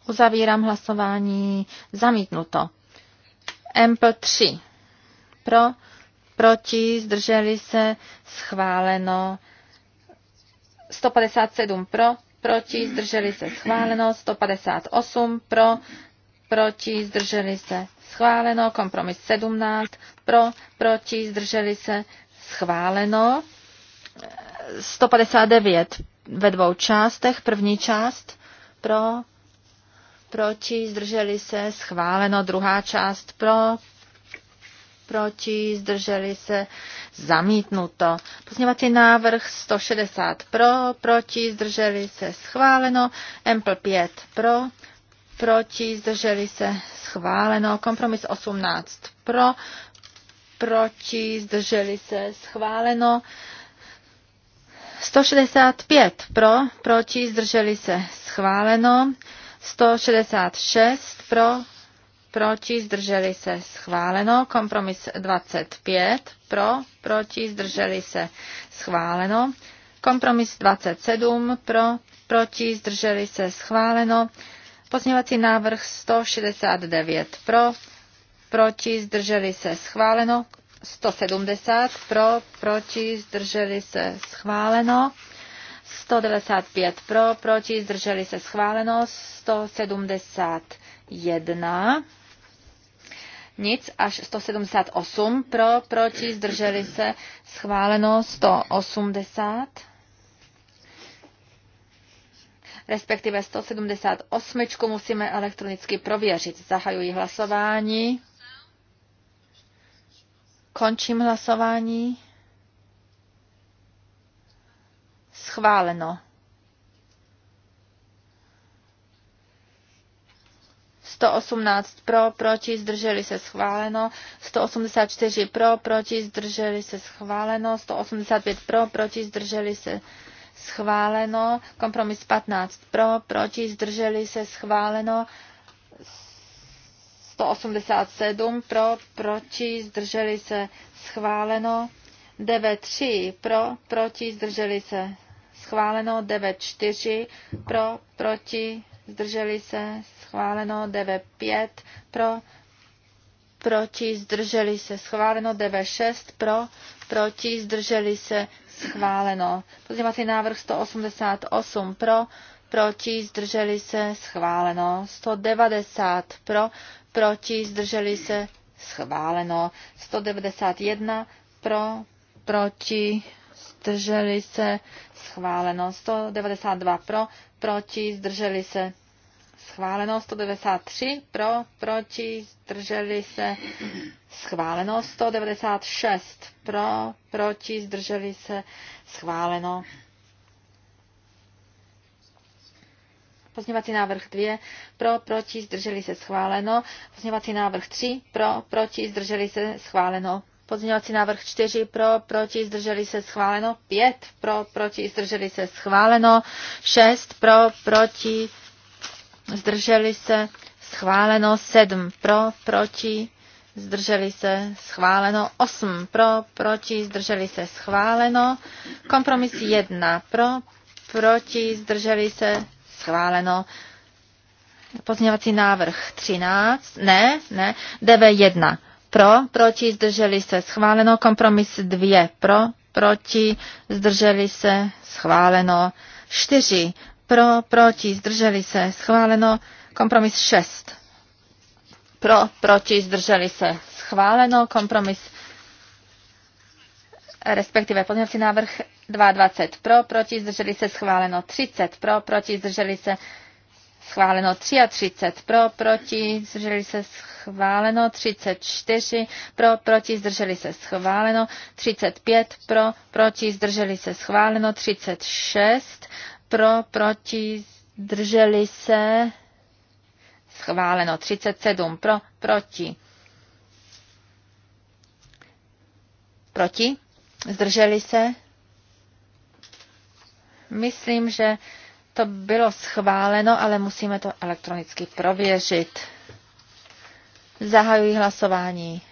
Uzavírám hlasování. Zamítnuto. mp 3. Pro, proti, zdrželi se, schváleno. 157 pro, proti, zdrželi se, schváleno. 158 pro, proti, zdrželi se, schváleno. Kompromis 17, pro, proti, zdrželi se, schváleno. 159 ve dvou částech. První část pro, proti, zdrželi se, schváleno. Druhá část pro, proti, zdrželi se, zamítnuto. Pozněvací návrh 160 pro, proti, zdrželi se, schváleno. Empl 5 pro, proti, zdrželi se schváleno. Kompromis 18 pro, proti, zdrželi se schváleno. 165 pro, proti, zdrželi se schváleno. 166 pro, proti, zdrželi se schváleno. Kompromis 25 pro, proti, zdrželi se schváleno. Kompromis 27 pro, proti, zdrželi se schváleno. Pozměňovací návrh 169 pro, proti, zdrželi se schváleno. 170 pro, proti, zdrželi se schváleno. 195 pro, proti, zdrželi se schváleno. 171 nic, až 178 pro, proti, zdrželi se schváleno. 180 respektive 178 musíme elektronicky prověřit. Zahajuji hlasování. Končím hlasování. Schváleno. 118 pro, proti, zdrželi se schváleno, 184 pro, proti, zdrželi se schváleno, 185 pro, proti, zdrželi se schváleno schváleno, kompromis 15 pro, proti, zdrželi se, schváleno, 187 pro, proti, zdrželi se, schváleno, 93 pro, proti, zdrželi se, schváleno, 94 pro, proti, zdrželi se, schváleno, 95 pro, proti, zdrželi se, schváleno, 96 pro, proti, zdrželi se, schváleno. Pozměňovací návrh 188 pro, proti, zdrželi se, schváleno. 190 pro, proti, zdrželi se, schváleno. 191 pro, proti, zdrželi se, schváleno. 192 pro, proti, zdrželi se, schváleno 193, pro, proti, zdrželi se, schváleno 196, pro, proti, zdrželi se, schváleno. Pozměňovací návrh 2, pro, proti, zdrželi se, schváleno. Pozměňovací návrh 3, pro, proti, zdrželi se, schváleno. Pozměňovací návrh 4 pro, proti, zdrželi se schváleno. 5 pro, proti, zdrželi se schváleno. 6 pro, proti, zdrželi se, schváleno 7 pro, proti, zdrželi se, schváleno 8 pro, proti, zdrželi se, schváleno, kompromis 1 pro, proti, zdrželi se, schváleno, pozměňovací návrh 13, ne, ne, dv 1 pro, proti, zdrželi se, schváleno, kompromis 2 pro, proti, zdrželi se, schváleno, 4 pro, proti, zdrželi se. Schváleno. Kompromis 6. Pro, proti, zdrželi se. Schváleno. Kompromis respektive pozměňovací návrh 22 pro, proti, zdrželi se schváleno 30 pro, proti, zdrželi se schváleno 33 pro, proti, zdrželi se schváleno 34 pro, proti, zdrželi se schváleno 35 pro, proti, zdrželi se schváleno 36 pro, proti, zdrželi se, schváleno 37 pro, proti, proti, zdrželi se. Myslím, že to bylo schváleno, ale musíme to elektronicky prověřit. Zahajuji hlasování.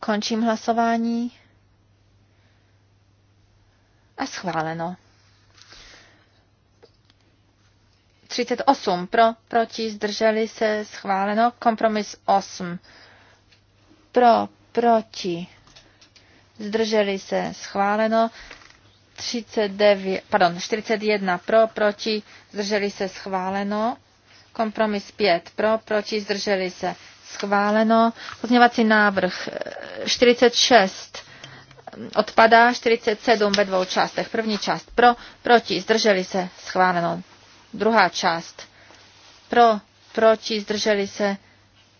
Končím hlasování a schváleno. 38 pro, proti, zdrželi se, schváleno. Kompromis 8 pro, proti, zdrželi se, schváleno. 39, pardon, 41 pro, proti, zdrželi se, schváleno. Kompromis 5 pro, proti, zdrželi se, schváleno. Pozměvací návrh 46 eh, odpadá 47 ve dvou částech. První část pro, proti, zdrželi se, schváleno. Druhá část pro, proti, zdrželi se,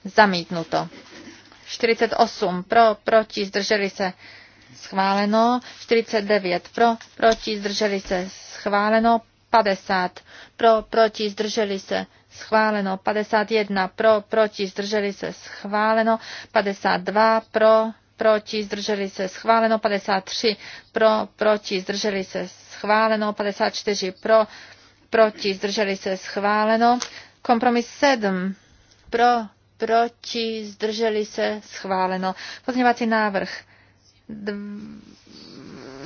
zamítnuto. 48 pro, proti, zdrželi se, schváleno. 49 pro, proti, zdrželi se, schváleno. 50 pro, proti, zdrželi se, schváleno. 51 pro, proti, zdrželi se, schváleno. 52 pro, proti, zdrželi se schváleno, 53 pro, proti, zdrželi se schváleno, 54 pro, proti, zdrželi se schváleno, kompromis 7 pro, proti, zdrželi se schváleno. Pozměňovací návrh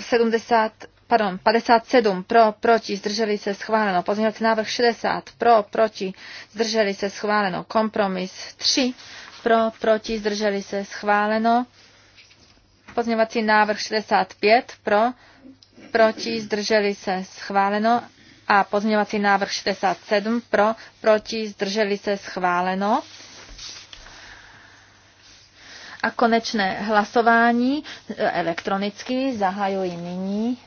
70 pardon, 57 pro, proti, zdrželi se schváleno. Pozměňovací návrh 60 pro, proti, zdrželi se schváleno. Kompromis 3 pro, proti, zdrželi se schváleno. Pozměňovací návrh 65 pro, proti, zdrželi se, schváleno. A pozměňovací návrh 67 pro, proti, zdrželi se, schváleno. A konečné hlasování elektronicky zahajuji nyní.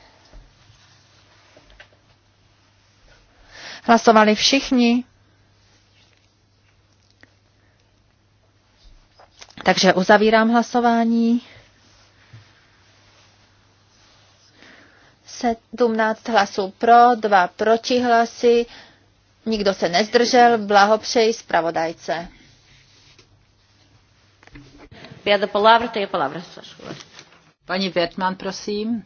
Hlasovali všichni. Takže uzavírám hlasování. 17 hlasů pro, 2 protihlasy, nikdo se nezdržel, blahopřeji zpravodajce. Piada Paní Wertmann, prosím.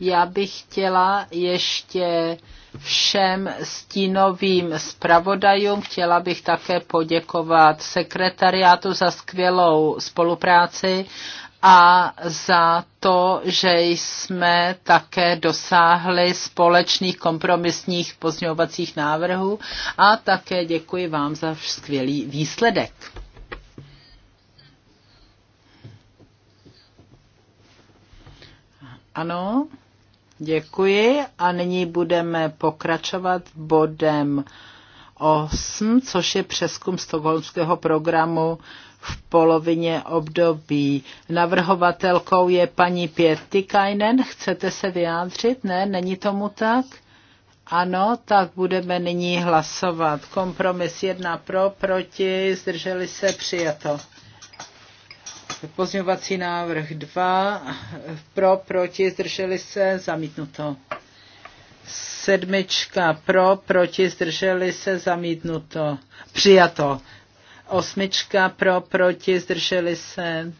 Já bych chtěla ještě všem stínovým zpravodajům. Chtěla bych také poděkovat sekretariátu za skvělou spolupráci a za to, že jsme také dosáhli společných kompromisních pozňovacích návrhů a také děkuji vám za skvělý výsledek. Ano, děkuji a nyní budeme pokračovat bodem 8, což je přeskum stokholmského programu v polovině období. Navrhovatelkou je paní Pětikainen. Chcete se vyjádřit? Ne, není tomu tak? Ano, tak budeme nyní hlasovat. Kompromis jedna pro, proti, zdrželi se, přijato. Pozměňovací návrh 2 pro, proti, zdrželi se, zamítnuto. Sedmička pro, proti, zdrželi se, zamítnuto. Přijato. Osmička pro, proti, zdrželi se.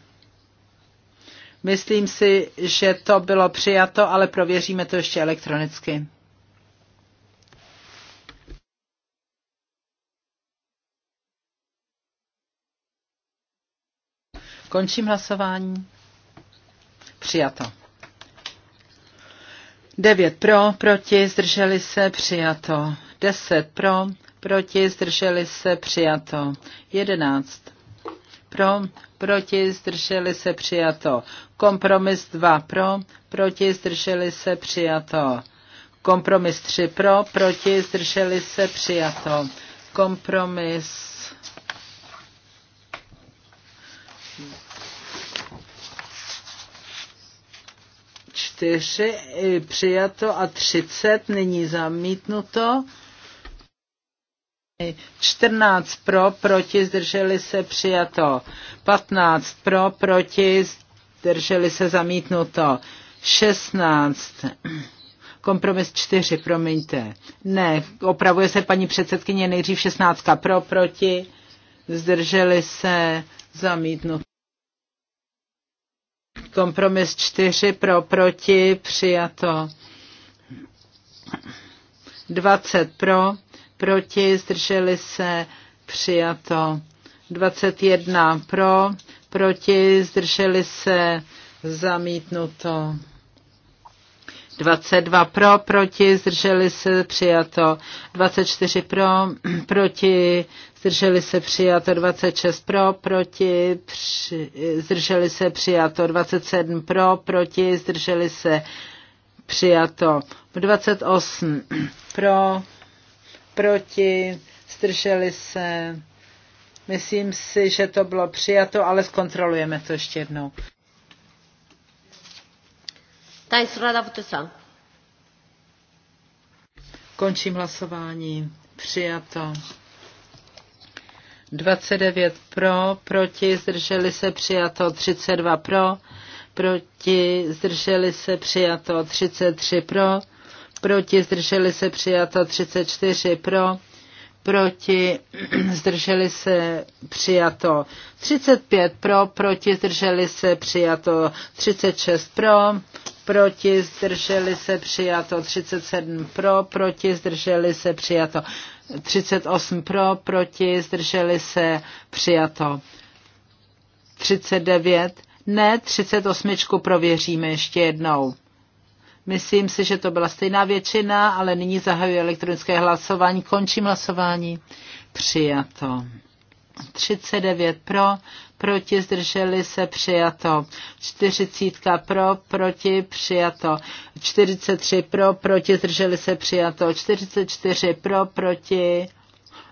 Myslím si, že to bylo přijato, ale prověříme to ještě elektronicky. Končím hlasování. Přijato. 9 pro, proti, zdrželi se, přijato. 10 pro, proti, zdrželi se, přijato. 11. Pro, proti, zdrželi se, přijato. Kompromis 2 pro, proti, zdrželi se, přijato. Kompromis 3 pro, proti, zdrželi se, přijato. Kompromis čtyři přijato a třicet nyní zamítnuto. 14 pro, proti, zdrželi se přijato. 15 pro, proti, zdrželi se zamítnuto. 16. Kompromis 4, promiňte. Ne, opravuje se paní předsedkyně nejdřív 16 pro, proti, zdrželi se zamítnuto. Kompromis 4 pro, proti, přijato. 20 pro, proti, zdrželi se, přijato. 21 pro, proti, zdrželi se, zamítnuto. 22 pro, proti, zdrželi se, přijato. 24 pro, proti, zdrželi se, přijato. 26 pro, proti, při, zdrželi se, přijato. 27 pro, proti, zdrželi se, přijato. 28 pro, proti, zdrželi se. Myslím si, že to bylo přijato, ale zkontrolujeme to ještě jednou. Tady Končím hlasování. Přijato. 29 pro, proti, zdrželi se přijato 32 pro, proti, zdrželi se přijato 33 pro, proti, zdrželi se přijato 34 pro, proti, zdrželi se přijato 35 pro, proti, zdrželi se přijato 36 pro, proti, zdrželi se přijato 37 pro, proti, zdrželi se přijato 38 pro, proti, zdrželi se přijato 39, ne, 38 prověříme ještě jednou. Myslím si, že to byla stejná většina, ale nyní zahajuji elektronické hlasování. Končím hlasování. Přijato. 39 pro, proti zdrželi se přijato. 40 pro, proti přijato. 43 pro, proti zdrželi se přijato. 44 pro, proti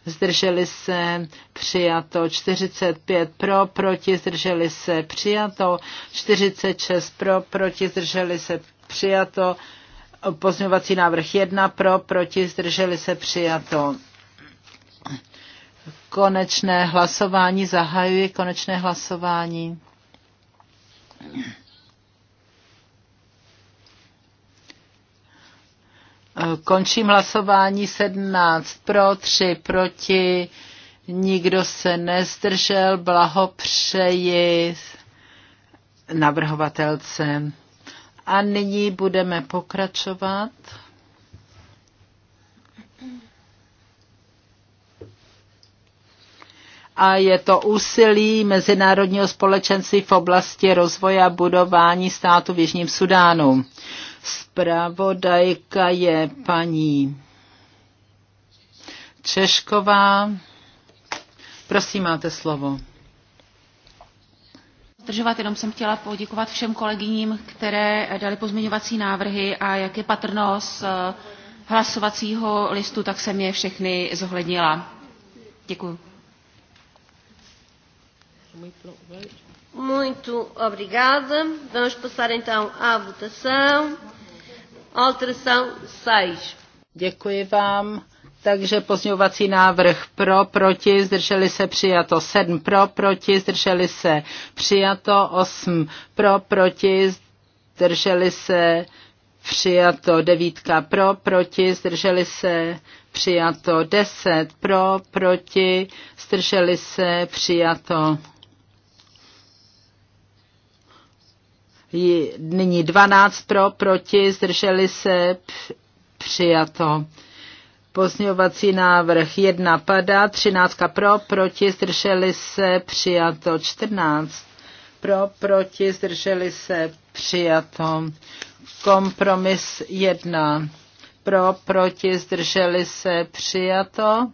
zdrželi se přijato 45 pro, proti zdrželi se přijato 46 pro, proti zdrželi se přijato. Pozměňovací návrh 1 pro, proti, zdrželi se přijato. Konečné hlasování, zahajuji konečné hlasování. Končím hlasování 17 pro, 3 proti, nikdo se nezdržel, blahopřeji navrhovatelce. A nyní budeme pokračovat. a je to úsilí mezinárodního společenství v oblasti rozvoje a budování státu v Jižním Sudánu. Zpravodajka je paní Češková. Prosím, máte slovo zdržovat, jenom jsem chtěla poděkovat všem kolegyním, které dali pozměňovací návrhy a jak je patrno z eh, hlasovacího listu, tak jsem je všechny zohlednila. Děkuji. Muito obrigada. Vamos passar então à votação. Alteração 6. Děkuji vám. Takže pozňovací návrh pro, proti, zdrželi se přijato 7 pro, proti, zdrželi se přijato 8 pro, proti, zdrželi se přijato 9 pro, proti, zdrželi se přijato 10 pro, proti, zdrželi se přijato nyní 12 pro, proti, zdrželi se přijato Pozňovací návrh 1 padá, 13 pro, proti, zdrželi se, přijato 14. Pro, proti, zdrželi se, přijato. Kompromis 1. Pro, proti, zdrželi se, přijato.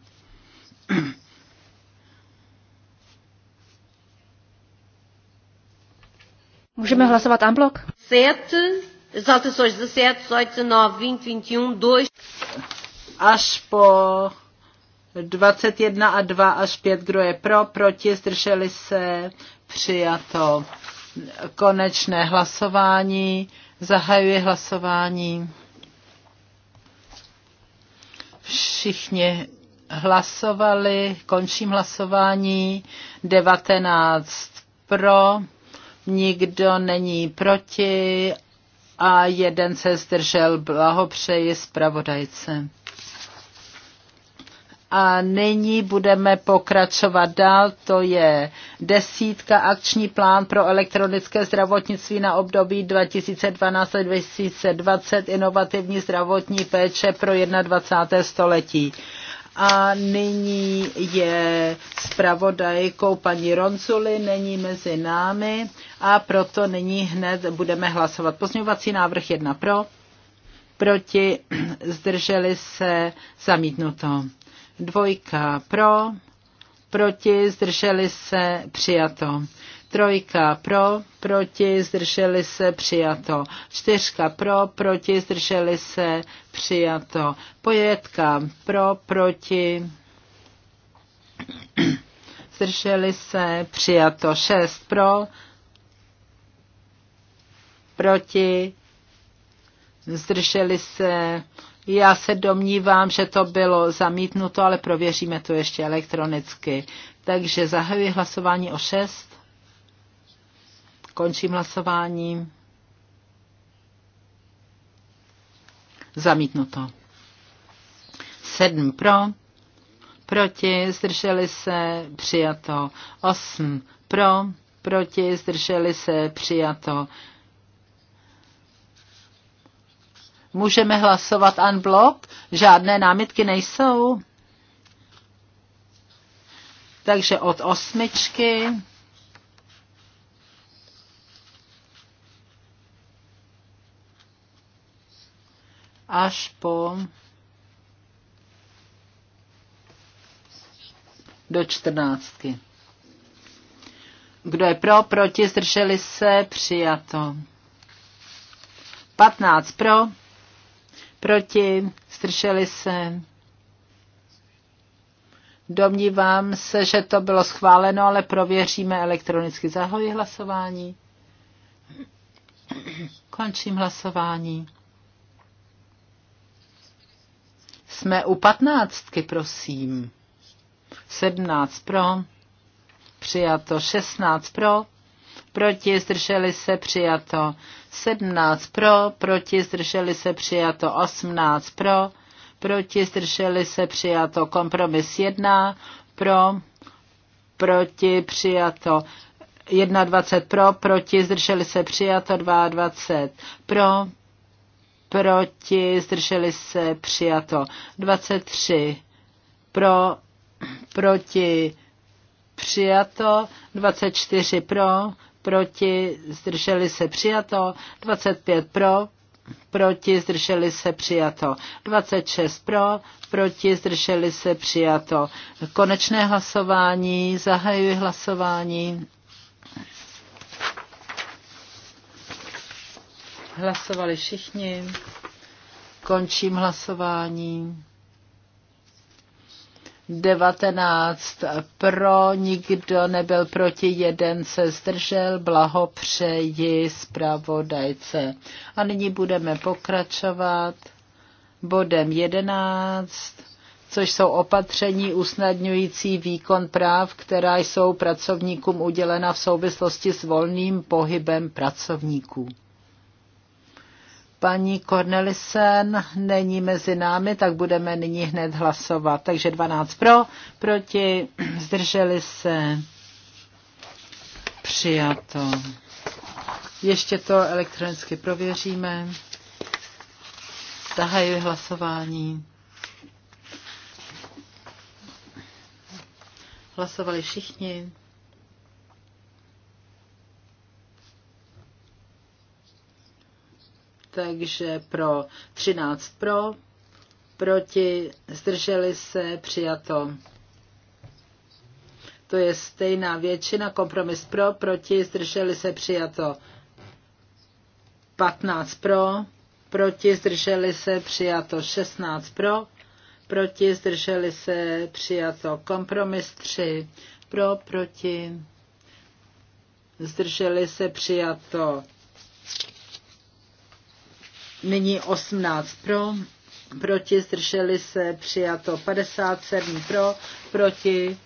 Můžeme hlasovat amblok? 7, exaltações 7, 18, 9, 20, 21, 2 až po 21 a 2 až 5, kdo je pro, proti, zdrželi se, přijato. Konečné hlasování, zahajuje hlasování. Všichni hlasovali, končím hlasování, 19 pro, nikdo není proti a jeden se zdržel. Blahopřeji zpravodajce. A nyní budeme pokračovat dál, to je desítka akční plán pro elektronické zdravotnictví na období 2012 2020 inovativní zdravotní péče pro 21. století. A nyní je zpravodajkou paní Ronzuli, není mezi námi a proto nyní hned budeme hlasovat. Pozměňovací návrh jedna pro, proti, zdrželi se, zamítnuto. Dvojka pro, proti, zdrželi se, přijato. Trojka pro, proti, zdrželi se, přijato. Čtyřka pro, proti, zdrželi se, přijato. Pojetka pro, proti, zdrželi se, přijato. Šest pro, proti, zdrželi se, já se domnívám, že to bylo zamítnuto, ale prověříme to ještě elektronicky. Takže zahajuji hlasování o 6. Končím hlasování. Zamítnuto. 7 pro, proti, zdrželi se, přijato. 8 pro, proti, zdrželi se, přijato. Můžeme hlasovat unblock? Žádné námitky nejsou. Takže od osmičky. Až po do čtrnáctky. Kdo je pro, proti, zdrželi se, přijato. 15 pro, proti, zdrželi se. Domnívám se, že to bylo schváleno, ale prověříme elektronicky. Zahoji hlasování. Končím hlasování. Jsme u patnáctky, prosím. Sedmnáct pro. Přijato šestnáct pro proti, zdrželi se, přijato. 17 pro, proti, zdrželi se, přijato. 18 pro, proti, zdrželi se, přijato. Kompromis 1 pro, proti, přijato. 21 pro, proti, zdrželi se, přijato. 22 pro, proti, zdrželi se, přijato. 23 pro, proti, přijato, 24 pro, proti, zdrželi se přijato, 25 pro, proti, zdrželi se přijato, 26 pro, proti, zdrželi se přijato. Konečné hlasování, zahajuji hlasování. Hlasovali všichni. Končím hlasování. 19 pro, nikdo nebyl proti, jeden se zdržel, blahopřeji zpravodajce. A nyní budeme pokračovat bodem 11, což jsou opatření usnadňující výkon práv, která jsou pracovníkům udělena v souvislosti s volným pohybem pracovníků. Paní Cornelisen není mezi námi, tak budeme nyní hned hlasovat. Takže 12 pro, proti, zdrželi se, přijato. Ještě to elektronicky prověříme. Zahajuji hlasování. Hlasovali všichni. takže pro 13 pro, proti, zdrželi se, přijato. To je stejná většina, kompromis pro, proti, zdrželi se, přijato. 15 pro, proti, zdrželi se, přijato. 16 pro, proti, zdrželi se, přijato. Kompromis 3 pro, proti, zdrželi se, přijato. Nyní 18 pro, proti, zdrželi se, přijato 57 pro, proti,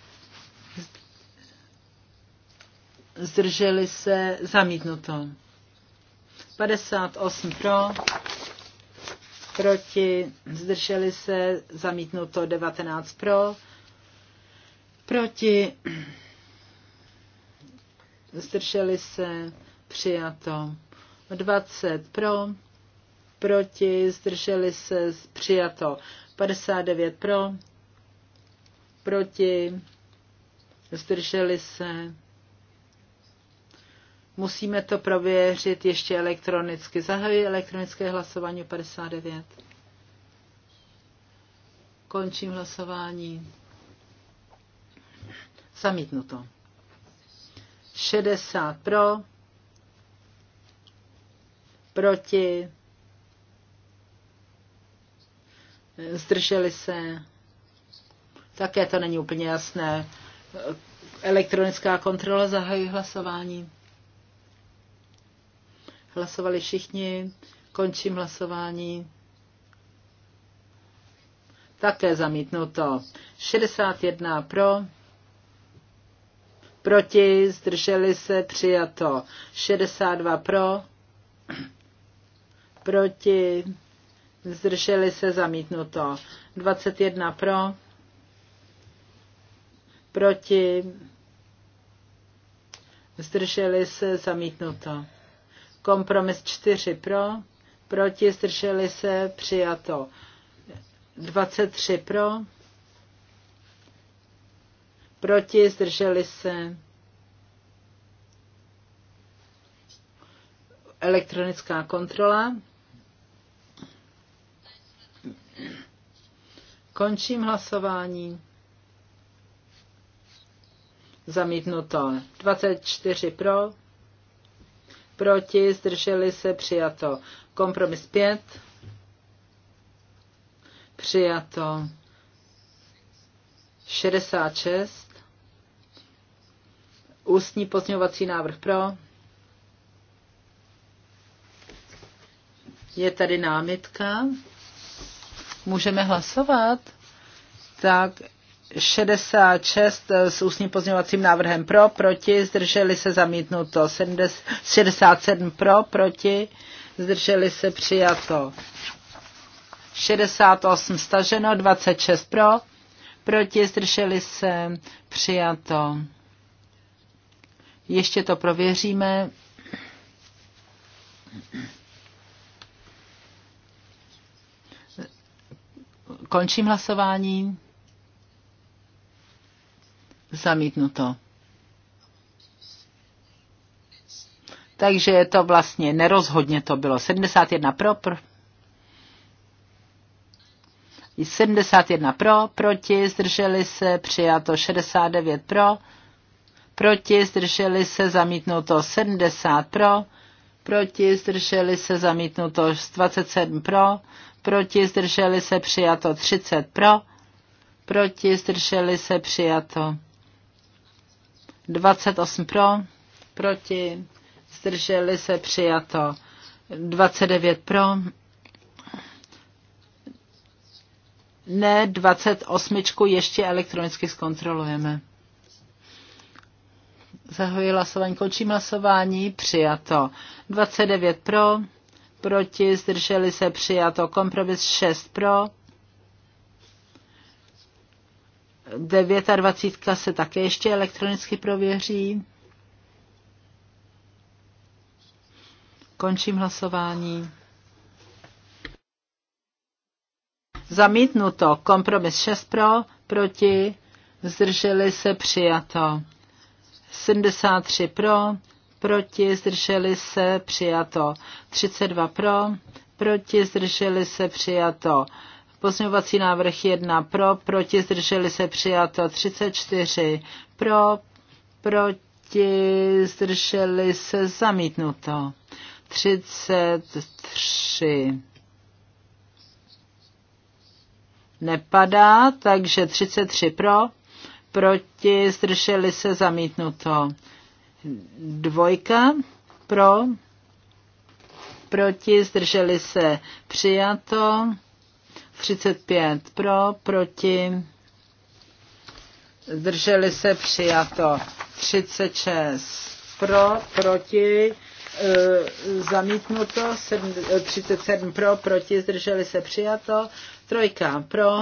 zdrželi se, zamítnuto. 58 pro, proti, zdrželi se, zamítnuto 19 pro, proti, zdrželi se, přijato 20 pro, proti, zdrželi se, přijato. 59 pro, proti, zdrželi se. Musíme to prověřit ještě elektronicky. Zahajuji elektronické hlasování 59. Končím hlasování. Zamítnuto. 60 pro, proti, zdrželi se, také to není úplně jasné. Elektronická kontrola zahají hlasování. Hlasovali všichni, končím hlasování. Také zamítnuto. 61 pro, proti, zdrželi se, přijato. 62 pro, proti, zdrželi se zamítnuto. 21 pro, proti, zdrželi se zamítnuto. Kompromis 4 pro, proti, zdrželi se přijato. 23 pro, proti, zdrželi se. Elektronická kontrola. Končím hlasování. Zamítnuto. 24 pro. Proti. Zdrželi se. Přijato. Kompromis 5. Přijato. 66. Ústní pozměňovací návrh pro. Je tady námitka. Můžeme hlasovat? Tak 66 eh, s ústním pozměňovacím návrhem pro, proti, zdrželi se zamítnuto. 67 pro, proti, zdrželi se přijato. 68 staženo, 26 pro, proti, zdrželi se přijato. Ještě to prověříme. Končím hlasování. Zamítnuto. Takže je to vlastně nerozhodně to bylo. 71 pro, pro 71 pro, proti, zdrželi se, přijato 69 pro, proti, zdrželi se, zamítnuto 70 pro, proti, zdrželi se, zamítnuto 27 pro, proti, zdrželi se přijato 30 pro, proti, zdrželi se přijato 28 pro, proti, zdrželi se přijato 29 pro, ne 28 ještě elektronicky zkontrolujeme. Zahoji hlasování, končím hlasování, přijato 29 pro, proti, zdrželi se přijato. Kompromis 6 pro. 29 se také ještě elektronicky prověří. Končím hlasování. Zamítnuto. Kompromis 6 pro, proti, zdrželi se přijato. 73 pro, proti, zdrželi se, přijato. 32 pro, proti, zdrželi se, přijato. Pozměňovací návrh 1 pro, proti, zdrželi se, přijato. 34 pro, proti, zdrželi se, zamítnuto. 33 nepadá, takže 33 pro, proti, zdrželi se, zamítnuto. Dvojka pro, proti, zdrželi se přijato. 35 pro, proti, zdrželi se přijato. 36 pro, proti, eh, zamítnuto, 37 eh, pro, proti, zdrželi se přijato, trojka pro,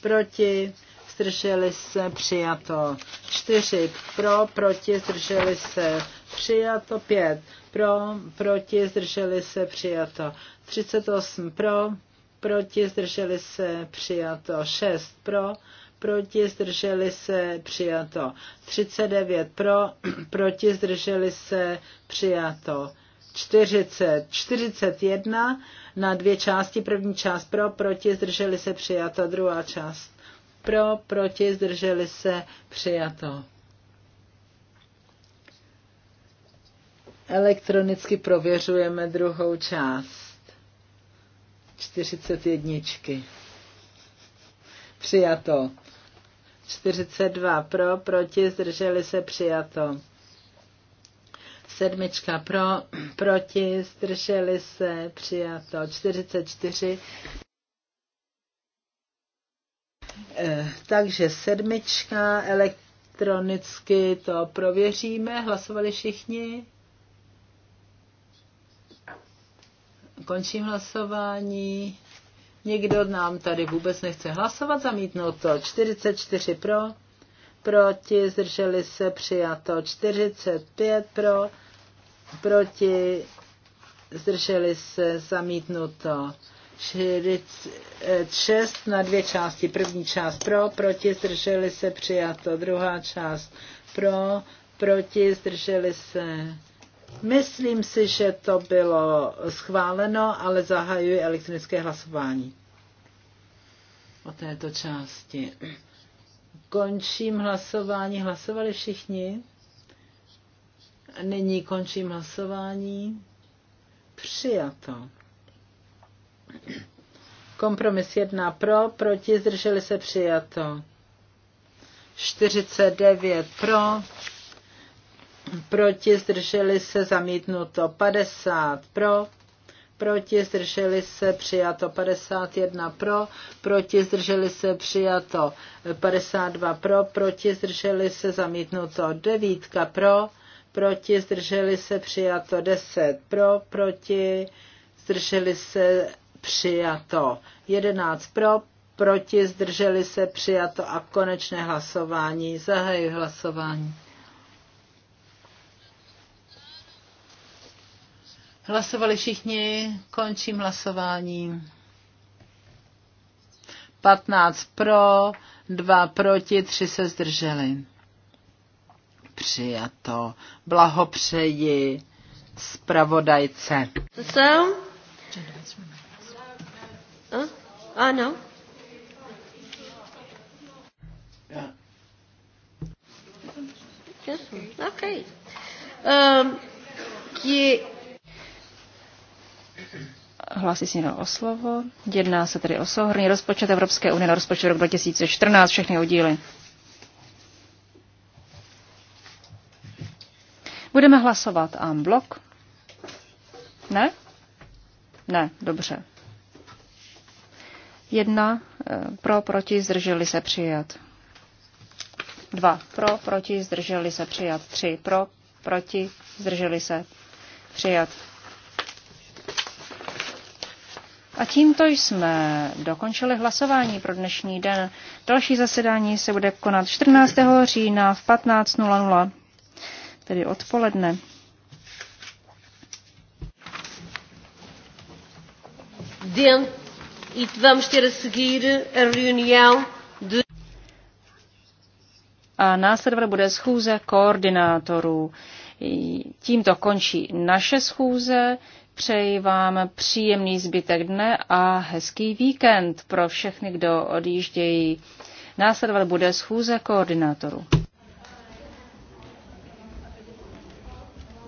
proti, zdrželi se, přijato. 4 pro, proti, zdrželi se, přijato. 5 pro, proti, zdrželi se, přijato. 38 pro, proti, zdrželi se, přijato. 6 pro, proti, zdrželi se, přijato. 39 pro, proti, zdrželi se, přijato. 40, 41 na dvě části. První část pro, proti, zdrželi se, přijato. Druhá část pro, proti, zdrželi se, přijato. Elektronicky prověřujeme druhou část. 41. Přijato. 42 pro, proti, zdrželi se, přijato. Sedmička pro, proti, zdrželi se, přijato. 44 Eh, takže sedmička elektronicky to prověříme. Hlasovali všichni? Končím hlasování. Někdo nám tady vůbec nechce hlasovat, zamítnout to. 44 pro, proti, zdrželi se, přijato. 45 pro, proti, zdrželi se, zamítnuto. 46 na dvě části. První část pro, proti, zdrželi se, přijato. Druhá část pro, proti, zdrželi se. Myslím si, že to bylo schváleno, ale zahajuji elektronické hlasování o této části. Končím hlasování. Hlasovali všichni? Nyní končím hlasování. Přijato. Kompromis 1 pro, proti, zdrželi se přijato. 49 pro, proti, zdrželi se zamítnuto. 50 pro, proti, zdrželi se přijato 51 pro, proti, zdrželi se přijato 52 pro, proti, zdrželi se zamítnuto 9 pro, proti, zdrželi se přijato 10 pro, proti, zdrželi se přijato. 11 pro, proti, zdrželi se, přijato a konečné hlasování. Zahajuji hlasování. Hlasovali všichni, končím hlasování. 15 pro, 2 proti, 3 se zdrželi. Přijato. Blahopřeji zpravodajce. So, ano. Okay. Um, je... Hlásí se jenom o slovo. Jedná se tedy o souhrný rozpočet Evropské unie na rozpočet rok 2014, všechny oddíly. Budeme hlasovat en blok. Ne? Ne, dobře. Jedna eh, pro, proti, zdrželi se přijat. Dva pro, proti, zdrželi se přijat. Tři pro, proti, zdrželi se přijat. A tímto jsme dokončili hlasování pro dnešní den. Další zasedání se bude konat 14. října v 15.00, tedy odpoledne. Den e vamos ter a seguir a reunião de... A následovat bude schůze koordinátorů. Tímto končí naše schůze. Přeji vám příjemný zbytek dne a hezký víkend pro všechny, kdo odjíždějí. Následovat bude schůze koordinátorů.